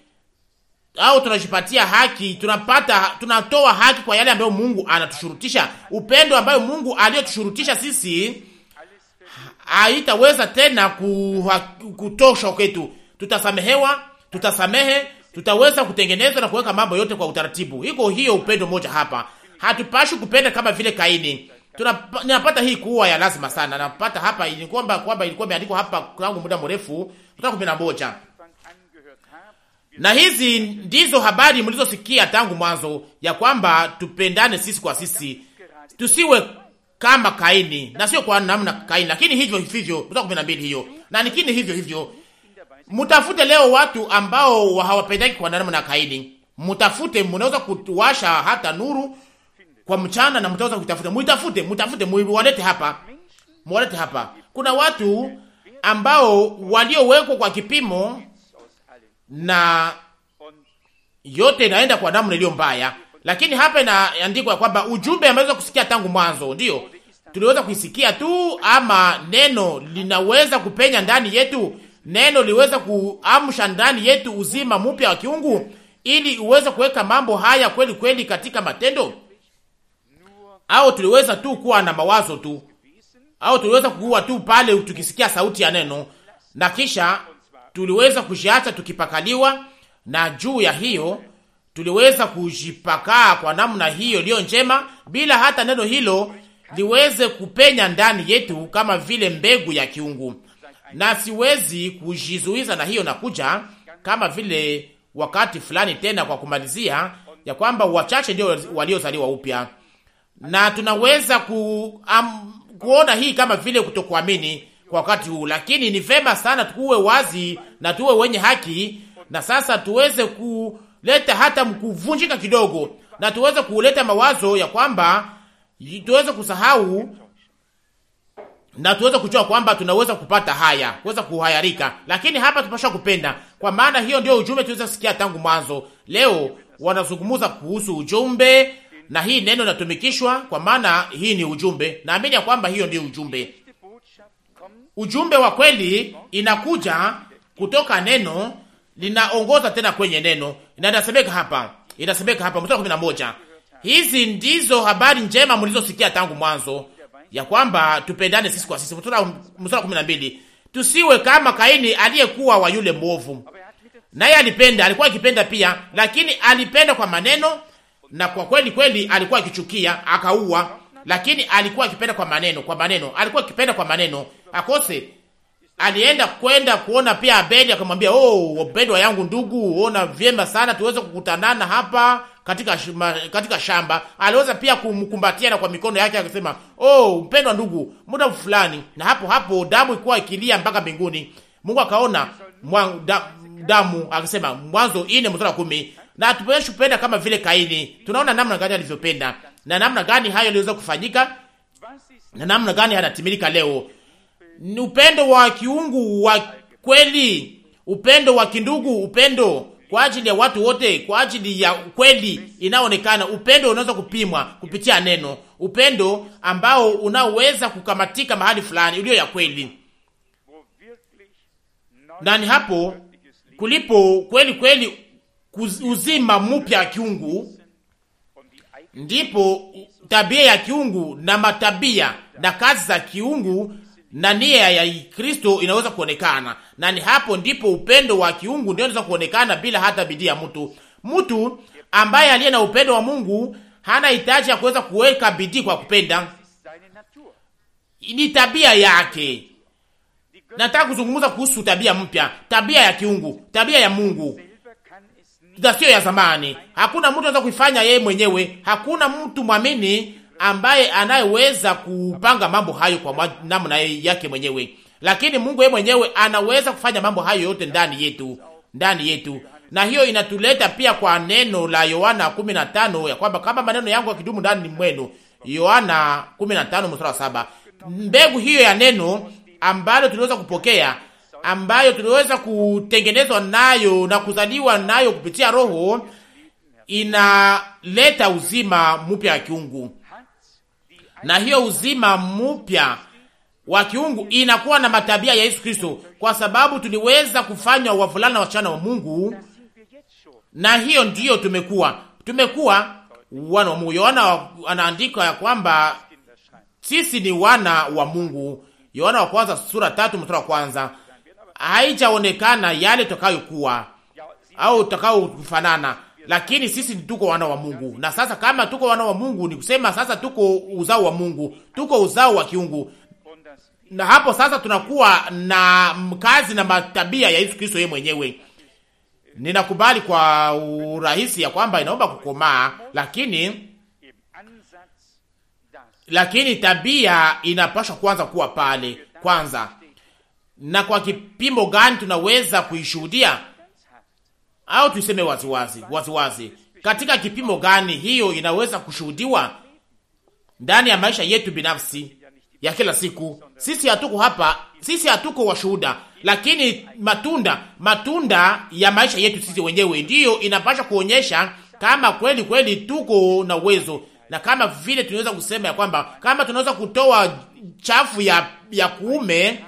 Au tunajipatia haki, tunapata tunatoa haki kwa yale ambayo Mungu anatushurutisha. Upendo ambayo Mungu aliyotushurutisha sisi haitaweza tena kutosha kwetu. Tutasamehewa, tutasamehe tutaweza kutengeneza na kuweka mambo yote kwa utaratibu. Iko hiyo upendo moja hapa, hatupashi kupenda kama vile Kaini. Tunapata hii kuwa ya lazima sana, napata hapa kwamba kwamba ilikuwa imeandikwa hapa tangu muda mrefu, kutoka kumi na moja na hizi ndizo habari mlizosikia tangu mwanzo, ya kwamba tupendane sisi kwa sisi, tusiwe kama Kaini na sio kwa namna Kaini, lakini hivyo hivyo. Kutoka kumi na mbili hiyo na nikini hivyo hivyo Mutafute leo watu ambao hawapendaki kwa namna na Kaini, mutafute. Mnaweza kuwasha hata nuru kwa mchana na mtaweza kutafuta, Mutafute, mutafute, muwalete hapa, muwalete hapa. Kuna watu ambao waliowekwa kwa kipimo na yote inaenda kwa namna iliyo mbaya, lakini hapa inaandikwa kwamba ujumbe ameweza kusikia tangu mwanzo. ndio tuliweza kuisikia tu, ama neno linaweza kupenya ndani yetu neno liweza kuamsha ndani yetu uzima mpya wa kiungu, ili uweze kuweka mambo haya kweli kweli katika matendo? Au tuliweza tu kuwa na mawazo tu, au tuliweza kuwa tu pale tukisikia sauti ya neno na kisha tuliweza kujiacha tukipakaliwa, na juu ya hiyo tuliweza kujipakaa kwa namna hiyo iliyo njema, bila hata neno hilo liweze kupenya ndani yetu kama vile mbegu ya kiungu na siwezi kujizuiza na hiyo nakuja kama vile wakati fulani tena, kwa kumalizia ya kwamba wachache ndio waliozaliwa upya, na tunaweza ku, um, kuona hii kama vile kutokuamini kwa wakati huu, lakini ni vema sana tuwe wazi na tuwe wenye haki, na sasa tuweze kuleta hata mkuvunjika kidogo, na tuweze kuleta mawazo ya kwamba tuweze kusahau na tuweza kujua kwamba tunaweza kupata haya, kuweza kuhayarika, lakini hapa tupasha kupenda, kwa maana hiyo ndio ujumbe tuweza sikia tangu mwanzo. Leo wanazungumza kuhusu ujumbe, na hii neno natumikishwa, kwa maana hii ni ujumbe. Naamini ya kwamba hiyo ndio ujumbe. Ujumbe wa kweli inakuja kutoka neno, linaongoza tena kwenye neno, na inasemeka hapa, inasemeka hapa mstari wa 11, hizi ndizo habari njema mlizosikia tangu mwanzo ya kwamba tupendane sisi kwa sisi. Mstari kumi na mbili, tusiwe kama Kaini aliyekuwa wa yule mwovu, naye alipenda, alikuwa akipenda pia, lakini alipenda kwa maneno, na kwa kweli kweli alikuwa akichukia akaua, lakini alikuwa akipenda kwa maneno, kwa maneno alikuwa akipenda kwa maneno akose alienda kwenda kuona pia Abeli akamwambia, oh, wapendwa yangu ndugu, ona vyema sana tuweze kukutanana hapa katika, shuma, katika shamba aliweza pia kumkumbatia na kwa mikono yake akisema, oh mpendwa ndugu, muda fulani. Na hapo hapo damu ilikuwa ikilia mpaka mbinguni. Mungu akaona da, damu akasema, Mwanzo ine mstari kumi, na hatupeshi kupenda kama vile Kaini. Tunaona namna gani alivyopenda na namna gani hayo iliweza kufanyika na namna gani hanatimilika leo. Ni upendo wa kiungu wa kweli, upendo wa kindugu, upendo kwa ajili ya watu wote, kwa ajili ya kweli inaonekana Upendo unaweza kupimwa kupitia neno, upendo ambao unaweza kukamatika mahali fulani, ulio ya kweli, na ni hapo kulipo kweli kweli uzima mpya ya kiungu, ndipo tabia ya kiungu na matabia na kazi za kiungu na nia ya Kristo inaweza kuonekana, na ni hapo ndipo upendo wa kiungu ndio unaweza kuonekana bila hata bidii ya mtu. Mtu ambaye aliye na upendo wa Mungu hana hitaji ya kuweza kuweka bidii kwa kupenda, ni tabia yake. Nataka kuzungumza kuhusu tabia mpya, tabia ya kiungu, tabia ya Mungu na sio ya zamani. Hakuna mtu anaweza kuifanya yeye mwenyewe. Hakuna mtu mwamini ambaye anayeweza kupanga mambo hayo kwa namna yake mwenyewe, lakini Mungu yeye mwenyewe anaweza kufanya mambo hayo yote ndani yetu, ndani yetu. Na hiyo inatuleta pia kwa neno la Yohana 15 ya kwamba kama maneno yangu yakidumu ndani mwenu, Yohana 15 mstari saba. Mbegu hiyo ya neno ambayo tuliweza kupokea ambayo tuliweza kutengenezwa nayo na kuzaliwa nayo kupitia Roho inaleta uzima mpya wa kiungu na hiyo uzima mpya wa kiungu inakuwa na matabia ya Yesu Kristo, kwa sababu tuliweza kufanywa wavulana na wasichana wa Mungu, na hiyo ndiyo tumekuwa, tumekuwa wana wa Mungu. Yohana anaandika ya kwamba sisi ni wana wa Mungu, Yohana wa kwanza sura tatu mstari wa kwanza. Haijaonekana yale tutakayokuwa au tutakayofanana, lakini sisi tuko wana wa Mungu. Na sasa kama tuko wana wa Mungu, ni kusema sasa tuko uzao wa Mungu, tuko uzao wa kiungu, na hapo sasa tunakuwa na kazi na matabia ya Yesu Kristo yeye mwenyewe. Ninakubali kwa urahisi ya kwamba inaomba kukomaa, lakini lakini tabia inapashwa kwanza kuwa pale kwanza. Na kwa kipimo gani tunaweza kuishuhudia? au tuseme waziwazi waziwazi, katika kipimo gani hiyo inaweza kushuhudiwa ndani ya maisha yetu binafsi ya kila siku? Sisi hatuko hapa, sisi hatuko washuhuda, lakini matunda matunda ya maisha yetu sisi wenyewe ndiyo inapasha kuonyesha kama kweli kweli tuko na uwezo na kama vile tunaweza kusema ya kwamba kama tunaweza kutoa chafu ya ya kuume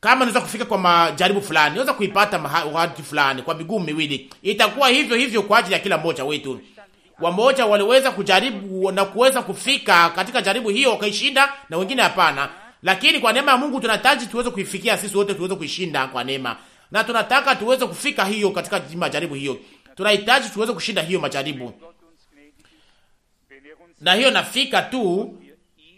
kama naweza kufika kwa majaribu fulani, naweza kuipata mahali fulani kwa miguu miwili. Itakuwa hivyo hivyo kwa ajili ya kila mmoja wetu. Wamoja waliweza kujaribu na kuweza kufika katika jaribu hiyo wakaishinda, na wengine hapana. Lakini kwa neema ya Mungu tunataji tuweze kuifikia sisi wote, tuweze kuishinda kwa neema, na tunataka tuweze kufika hiyo katika majaribu hiyo, tunahitaji tuweze kushinda hiyo majaribu, na hiyo nafika tu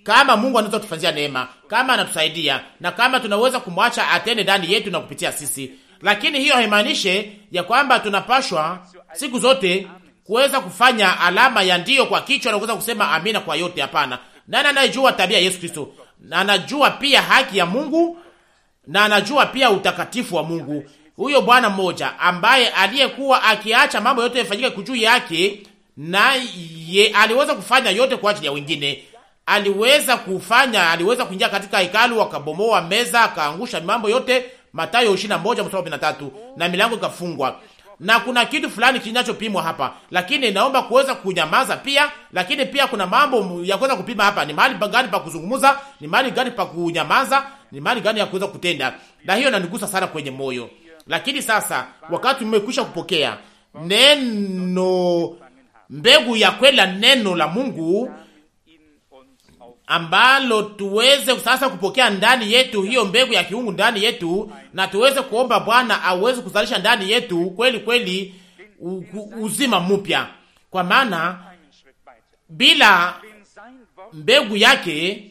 kama Mungu anaweza kutufanyia neema, kama anatusaidia na kama tunaweza kumwacha atende ndani yetu na kupitia sisi. Lakini hiyo haimaanishi ya kwamba tunapashwa siku zote kuweza kufanya alama ya ndio kwa kichwa na kuweza kusema amina kwa yote. Hapana, nani anayejua tabia ya Yesu Kristo? Na anajua pia haki ya Mungu na anajua pia utakatifu wa Mungu. Huyo Bwana mmoja ambaye aliyekuwa akiacha mambo yote yafanyike juu yake, naye aliweza kufanya yote kwa ajili ya wengine aliweza kufanya, aliweza kuingia katika hekalu akabomoa meza, akaangusha mambo yote, Mathayo 21 mstari wa 13, na milango ikafungwa. Na kuna kitu fulani kinachopimwa hapa, lakini naomba kuweza kunyamaza pia, lakini pia kuna mambo ya kuweza kupima hapa. Ni mahali gani pa kuzungumza, ni mahali gani pa kunyamaza, ni mahali gani ya kuweza kutenda, na hiyo inanigusa sana kwenye moyo. Lakini sasa wakati mmekwisha kupokea neno, mbegu ya kweli, neno la Mungu ambalo tuweze sasa kupokea ndani yetu hiyo mbegu ya kiungu ndani yetu, na tuweze kuomba Bwana aweze kuzalisha ndani yetu kweli kweli uzima mpya, kwa maana bila mbegu yake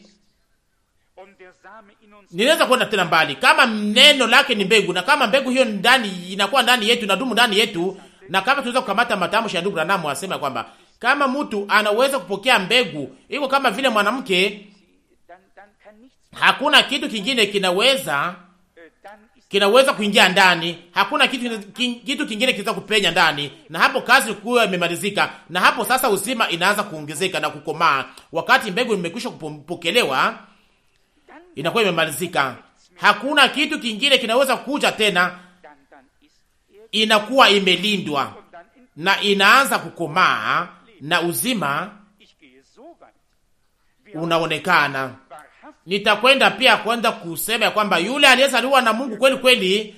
ninaweza kwenda tena mbali. Kama neno lake ni mbegu, na kama mbegu hiyo ndani inakuwa ndani yetu, inadumu ndani yetu, na kama tunaweza kukamata matamshi ya ndugu Branham asema kwamba kama mtu anaweza kupokea mbegu iko kama vile mwanamke, hakuna kitu kingine kinaweza kinaweza kuingia ndani, hakuna kitu kitu kingine kinaweza kupenya ndani, na hapo kazi kuwa imemalizika, na hapo sasa uzima inaanza kuongezeka na kukomaa. Wakati mbegu imekwisha kupokelewa, inakuwa imemalizika, hakuna kitu kingine kinaweza kuja tena, inakuwa imelindwa na inaanza kukomaa na uzima unaonekana. Nitakwenda pia kwanza kusema ya kwamba yule aliyezaliwa na Mungu kweli kweli,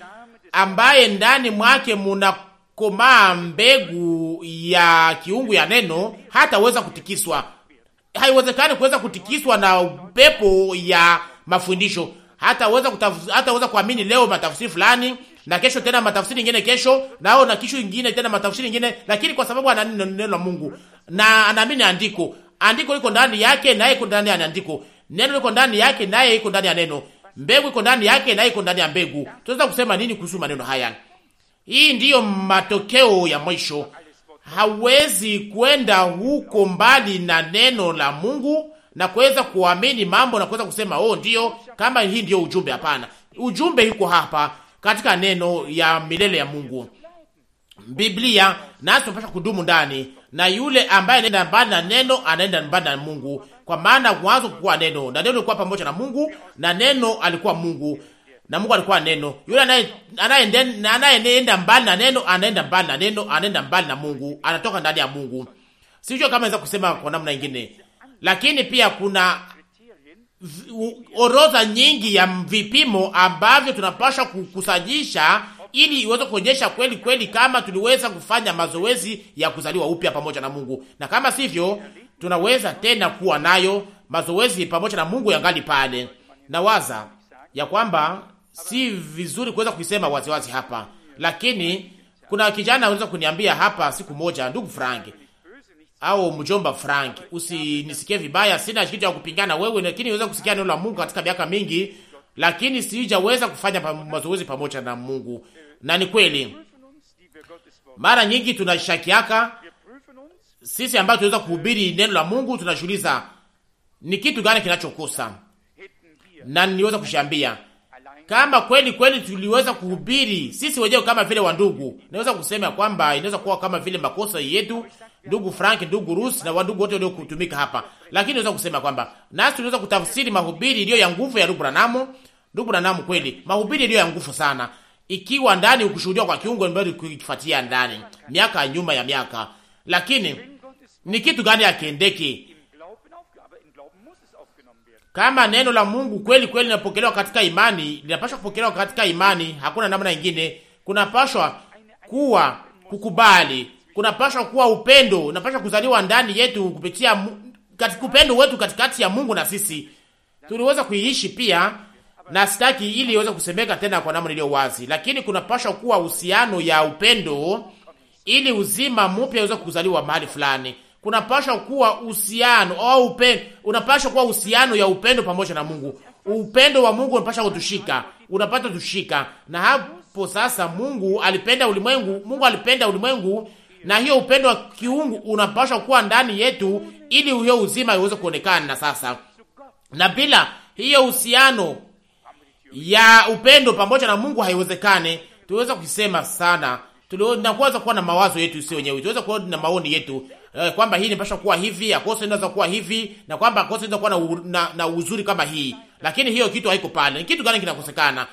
ambaye ndani mwake munakomaa mbegu ya kiungu ya neno, hataweza kutikiswa. Haiwezekani kuweza kutikiswa na pepo ya mafundisho. Hataweza kutaf... hataweza kuamini leo matafsiri fulani na kesho tena matafsiri nyingine, kesho nao na kisho ingine tena matafsiri nyingine, lakini kwa sababu ana neno la Mungu na anaamini andiko, andiko liko ndani yake, naye iko ndani ya andiko, neno liko ndani yake, naye iko ndani ya neno, mbegu iko ndani yake, naye iko ndani ya mbegu. Tunaweza kusema nini kuhusu maneno haya? Hii ndiyo matokeo ya mwisho. Hawezi kwenda huko mbali na neno la Mungu na kuweza kuamini mambo na kuweza kusema oh, ndiyo kama hii ndiyo ujumbe. Hapana, ujumbe yuko hapa katika neno ya milele ya Mungu, Biblia, nasi tunapaswa kudumu ndani na yule ambaye anaenda mbali na neno anaenda mbali na Mungu, kwa maana mwanzo kulikuwa neno, na neno alikuwa pamoja na Mungu, na neno alikuwa Mungu, na Mungu alikuwa neno. Yule anayeenda anayeenda mbali na neno anaenda mbali na neno, anaenda mbali na Mungu, anatoka ndani ya Mungu. Sijui kama naweza kusema kwa namna nyingine, lakini pia kuna orodha nyingi ya vipimo ambavyo tunapaswa kukusajisha ili iweze kuonyesha kweli kweli kama tuliweza kufanya mazoezi ya kuzaliwa upya pamoja na Mungu, na kama sivyo, tunaweza tena kuwa nayo mazoezi pamoja na Mungu yangali pale. Na waza ya kwamba si vizuri kuweza kuisema waziwazi hapa, lakini kuna kijana anaweza kuniambia hapa siku moja, ndugu Frank au mjomba Frank, usinisikie vibaya, sina kitu ya kupingana wewe, lakini niweza kusikia neno la Mungu katika miaka mingi, lakini sijaweza kufanya pa mazoezi pamoja na Mungu na ni kweli. Mara nyingi tunashakiaka sisi ambayo tunaweza kuhubiri neno la Mungu, tunashuliza ni kitu gani kinachokosa, na niweza kushambia kama kweli kweli tuliweza kuhubiri sisi wenyewe kama vile wandugu, naweza kusema kwamba inaweza kuwa kama vile makosa yetu, ndugu Frank, ndugu Rus na wandugu wote walio kutumika hapa, lakini naweza kusema kwamba nasi tunaweza kutafsiri mahubiri iliyo ya nguvu ya ndugu Branamu. Ndugu Branamu, kweli mahubiri iliyo ya nguvu sana, ikiwa ndani ukushuhudia kwa kiungo ambayo kuifuatia ndani miaka nyuma ya miaka. Lakini ni kitu gani akiendeki kama neno la Mungu kweli kweli linapokelewa katika imani, linapaswa kupokelewa katika imani, hakuna namna ingine. Kunapashwa kuwa kukubali, kunapashwa kuwa upendo, unapashwa kuzaliwa ndani yetu kupitia katika upendo wetu katikati ya Mungu na sisi tuliweza kuiishi pia na sitaki ili iweze kusemeka tena kwa namna iliyo wazi, lakini kuna pasha kuwa uhusiano ya upendo ili uzima mpya uweze kuzaliwa mahali fulani. Kuna pasha kuwa uhusiano au upendo, unapasha kuwa uhusiano ya upendo pamoja na Mungu. Upendo wa Mungu unapasha kutushika, unapata tushika, na hapo sasa Mungu alipenda ulimwengu, Mungu alipenda ulimwengu, na hiyo upendo wa kiungu unapasha kuwa ndani yetu ili hiyo uzima iweze kuonekana sasa, na bila hiyo uhusiano ya upendo pamoja na Mungu haiwezekane. Tuweza kusema sana, tuliona kuwa na mawazo yetu sio wenyewe, tuweza kuwa na maoni yetu eh, kwamba hii inapaswa kuwa hivi, akose inaweza kuwa hivi, na kwamba akose inaweza kuwa na, na, na uzuri kama hii, lakini hiyo kitu haiko pale. kitu gani kinakosekana?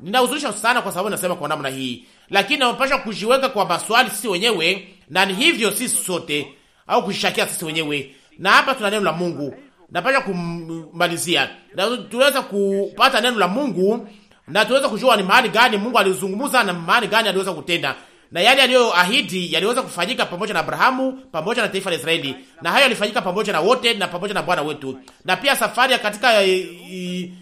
Ninahuzunisha sana kwa sababu nasema kwa namna hii, lakini napasha kujiweka kwa maswali sisi wenyewe, na ni hivyo sisi sote, au kujishakia sisi wenyewe. Na hapa tuna neno la Mungu napasha kumalizia, na tuweza kupata neno la Mungu na tuweza kujua ni mahali gani Mungu alizungumza na mahali gani aliweza kutenda na yale aliyoahidi yaliweza kufanyika pamoja na Abrahamu, pamoja na taifa la Israeli, na hayo yalifanyika pamoja na wote na pamoja na Bwana wetu. Na pia safari ya katika i, eh, i,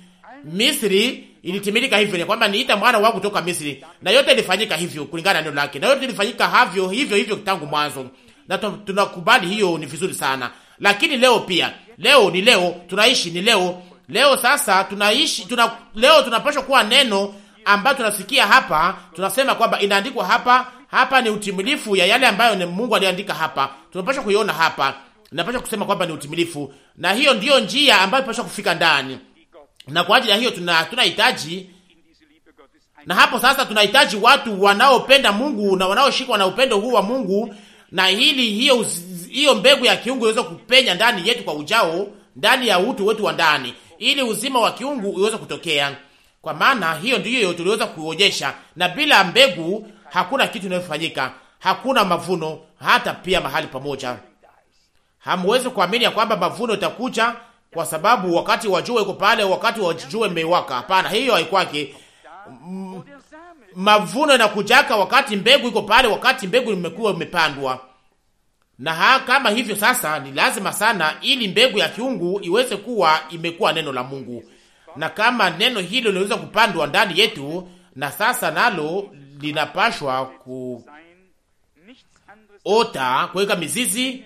Misri ilitimilika hivyo, ni kwamba niita mwana wangu kutoka Misri, na yote ilifanyika hivyo kulingana na neno lake, na yote ilifanyika havyo hivyo hivyo tangu mwanzo, na tunakubali hiyo. Ni vizuri sana, lakini leo pia, leo ni leo, tunaishi ni leo. Leo sasa tunaishi tuna, leo tunapaswa kuwa neno ambayo tunasikia hapa, tunasema kwamba inaandikwa hapa. Hapa ni utimilifu ya yale ambayo ni Mungu aliandika hapa, tunapaswa kuiona hapa, tunapaswa kusema kwamba ni utimilifu, na hiyo ndiyo njia ambayo tunapaswa kufika ndani, na kwa ajili ya hiyo tuna tunahitaji na hapo sasa tunahitaji watu wanaopenda Mungu na wanaoshikwa na upendo huu wa Mungu, na hili hiyo hiyo mbegu ya kiungu iweze kupenya ndani yetu kwa ujao, ndani ya utu wetu wa ndani, ili uzima wa kiungu uweze kutokea, kwa maana hiyo ndiyo tuliweza kuonyesha, na bila mbegu hakuna kitu inayofanyika, hakuna mavuno hata pia mahali pamoja. Hamwezi kuamini ya kwamba mavuno itakuja kwa sababu wakati wa jua iko pale, wakati wa jua imewaka. Hapana, hiyo haikwake. Mavuno yanakujaka wakati mbegu iko pale, wakati mbegu imekuwa imepandwa na ha, kama hivyo sasa, ni lazima sana ili mbegu ya kiungu iweze kuwa imekuwa neno la Mungu, na kama neno hilo linaweza kupandwa ndani yetu, na sasa nalo linapashwa kuota kuweka mizizi,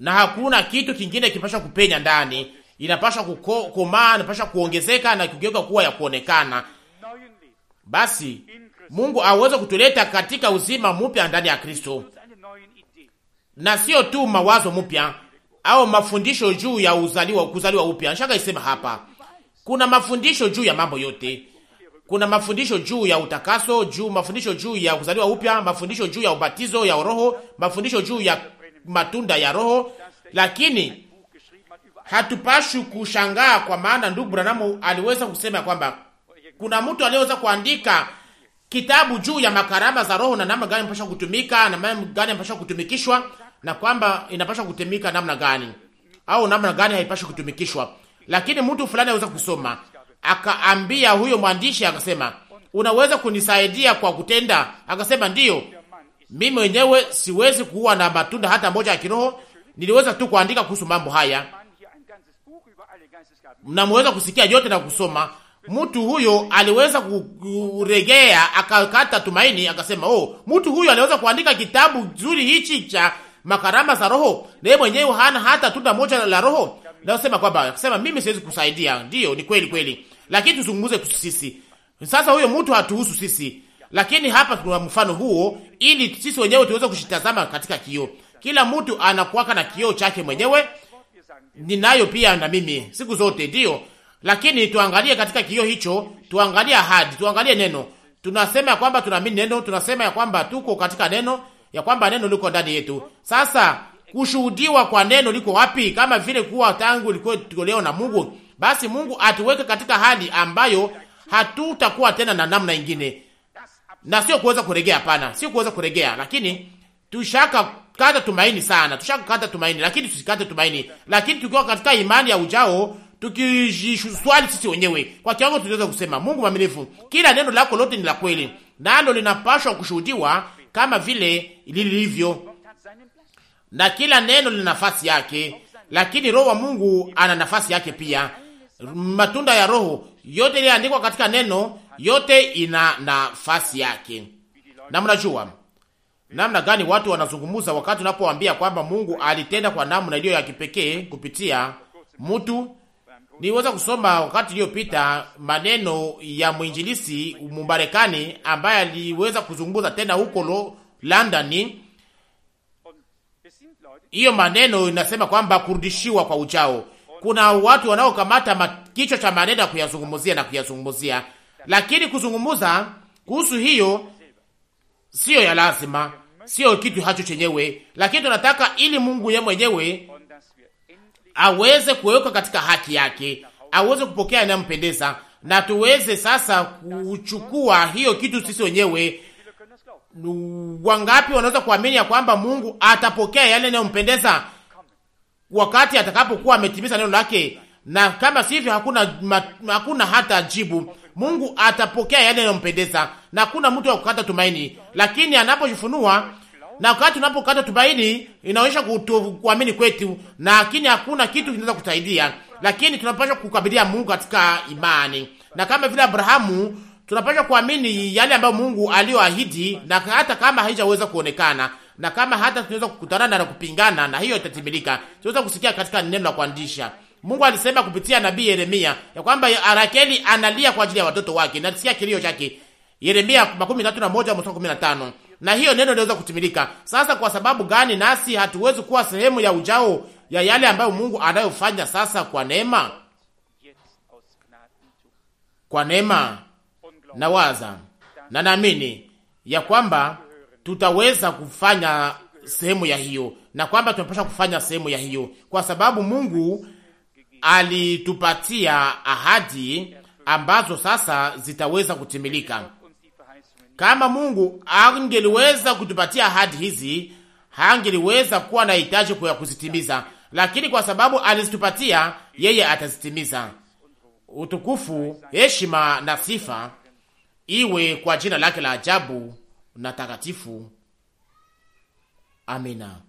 na hakuna kitu kingine kipashwa kupenya ndani, inapashwa kukomaa, inapashwa kuongezeka na kugeuka kuwa ya kuonekana basi Mungu aweze kutuleta katika uzima mpya ndani ya Kristo, na sio tu mawazo mpya au mafundisho juu ya uzaliwa, kuzaliwa upya. Shaka isema hapa kuna mafundisho juu ya mambo yote. Kuna mafundisho juu ya utakaso, juu mafundisho juu ya kuzaliwa upya, mafundisho juu ya ubatizo ya roho, mafundisho juu ya matunda ya Roho, lakini hatupashi kushangaa, kwa maana ndugu Branham aliweza kusema kwamba kuna mtu aliyeweza kuandika kitabu juu ya makarama za Roho na namna gani inapaswa kutumika na namna gani inapaswa kutumikishwa na kwamba inapaswa kutumika namna gani au namna gani haipaswi kutumikishwa. Lakini mtu fulani anaweza kusoma akaambia huyo mwandishi akasema, unaweza kunisaidia kwa kutenda? Akasema ndiyo, mimi mwenyewe siwezi kuwa na matunda hata moja ya kiroho, niliweza tu kuandika kuhusu mambo haya. Mnamweza kusikia yote na kusoma mtu huyo aliweza kuregea, akakata tumaini, akasema oh, mtu huyo aliweza kuandika kitabu nzuri hichi cha makarama za Roho, na yeye mwenyewe hana hata tunda moja la Roho. Nasema kwamba akasema mimi siwezi kusaidia. Ndio, ni kweli kweli, lakini tuzungumze kuhusu sisi. Sasa huyo mtu hatuhusu sisi, lakini hapa kuna mfano huo, ili sisi wenyewe tuweze kushitazama katika kio. Kila mtu anakuwaka na kio chake mwenyewe, ninayo pia na mimi siku zote, ndio lakini tuangalie katika kio hicho, tuangalie ahadi, tuangalie neno. Tunasema ya kwamba tunaamini neno, tunasema ya kwamba tuko katika neno, ya kwamba neno liko ndani yetu. Sasa kushuhudiwa kwa neno liko wapi? Kama vile kuwa tangu liko leo na Mungu, basi Mungu atuweke katika hali ambayo hatutakuwa tena na namna ingine, na sio kuweza kuregea. Hapana, sio kuweza kuregea, lakini tushaka kata tumaini sana, tushaka kata tumaini, lakini tusikate tumaini, lakini tukiwa katika imani ya ujao tukijiswali sisi wenyewe kwa kiwango, tunaweza kusema Mungu mwaminifu, kila neno lako lote ni la kweli, nalo linapashwa kushuhudiwa kama vile lilivyo, na kila neno lina nafasi yake, lakini roho wa Mungu ana nafasi yake pia. Matunda ya Roho yote iliandikwa katika neno, yote ina nafasi yake. Na mnajua namna gani watu wanazungumza wakati unapoambia kwamba Mungu alitenda kwa namna iliyo ya kipekee kupitia mtu Niweza kusoma wakati iliyopita maneno ya mwinjilisi Mumbarekani ambaye aliweza kuzunguza tena huko lo London. Hiyo maneno inasema kwamba kurudishiwa kwa uchao Kuna watu wanaokamata kichwa cha maneno ya kuyazungumzia na kuyazungumzia, lakini kuzungumza kuhusu hiyo siyo ya lazima, siyo kitu hacho chenyewe, lakini tunataka ili Mungu ye mwenyewe aweze kuwekwa katika haki yake, aweze kupokea inayompendeza, na tuweze sasa kuchukua hiyo kitu sisi wenyewe. Wangapi wanaweza kuamini ya kwamba Mungu atapokea yale inayompendeza wakati atakapokuwa ametimiza neno lake? Na kama sivyo, hakuna ma, hakuna hata jibu. Mungu atapokea yale inayompendeza na hakuna mtu wa kukata tumaini, lakini anapojifunua na wakati unapokata tumaini inaonyesha kuamini kwetu, lakini hakuna kitu kinaweza kutusaidia, lakini tunapaswa kukabilia Mungu katika imani, na kama vile Abrahamu tunapaswa kuamini yale ambayo Mungu aliyoahidi, na hata kama haijaweza kuonekana na kama hata tunaweza kukutana na kupingana, na hiyo itatimilika. Tunaweza kusikia katika neno la kuandisha Mungu alisema kupitia nabii Yeremia ya kwamba Rakeli analia kwa ajili ya watoto wake na sikia kilio chake. Yeremia makumi 31 mstari wa tano na hiyo neno inaweza kutimilika sasa. Kwa sababu gani nasi hatuwezi kuwa sehemu ya ujao ya yale ambayo Mungu anayofanya sasa kwa neema, kwa neema na waza na naamini ya kwamba tutaweza kufanya sehemu ya hiyo, na kwamba tunapasha kufanya sehemu ya hiyo, kwa sababu Mungu alitupatia ahadi ambazo sasa zitaweza kutimilika kama Mungu angeliweza kutupatia ahadi hizi, hangeliweza kuwa na hitaji ya kuzitimiza, lakini kwa sababu alizitupatia, yeye atazitimiza. Utukufu, heshima na sifa iwe kwa jina lake la ajabu na takatifu. Amina.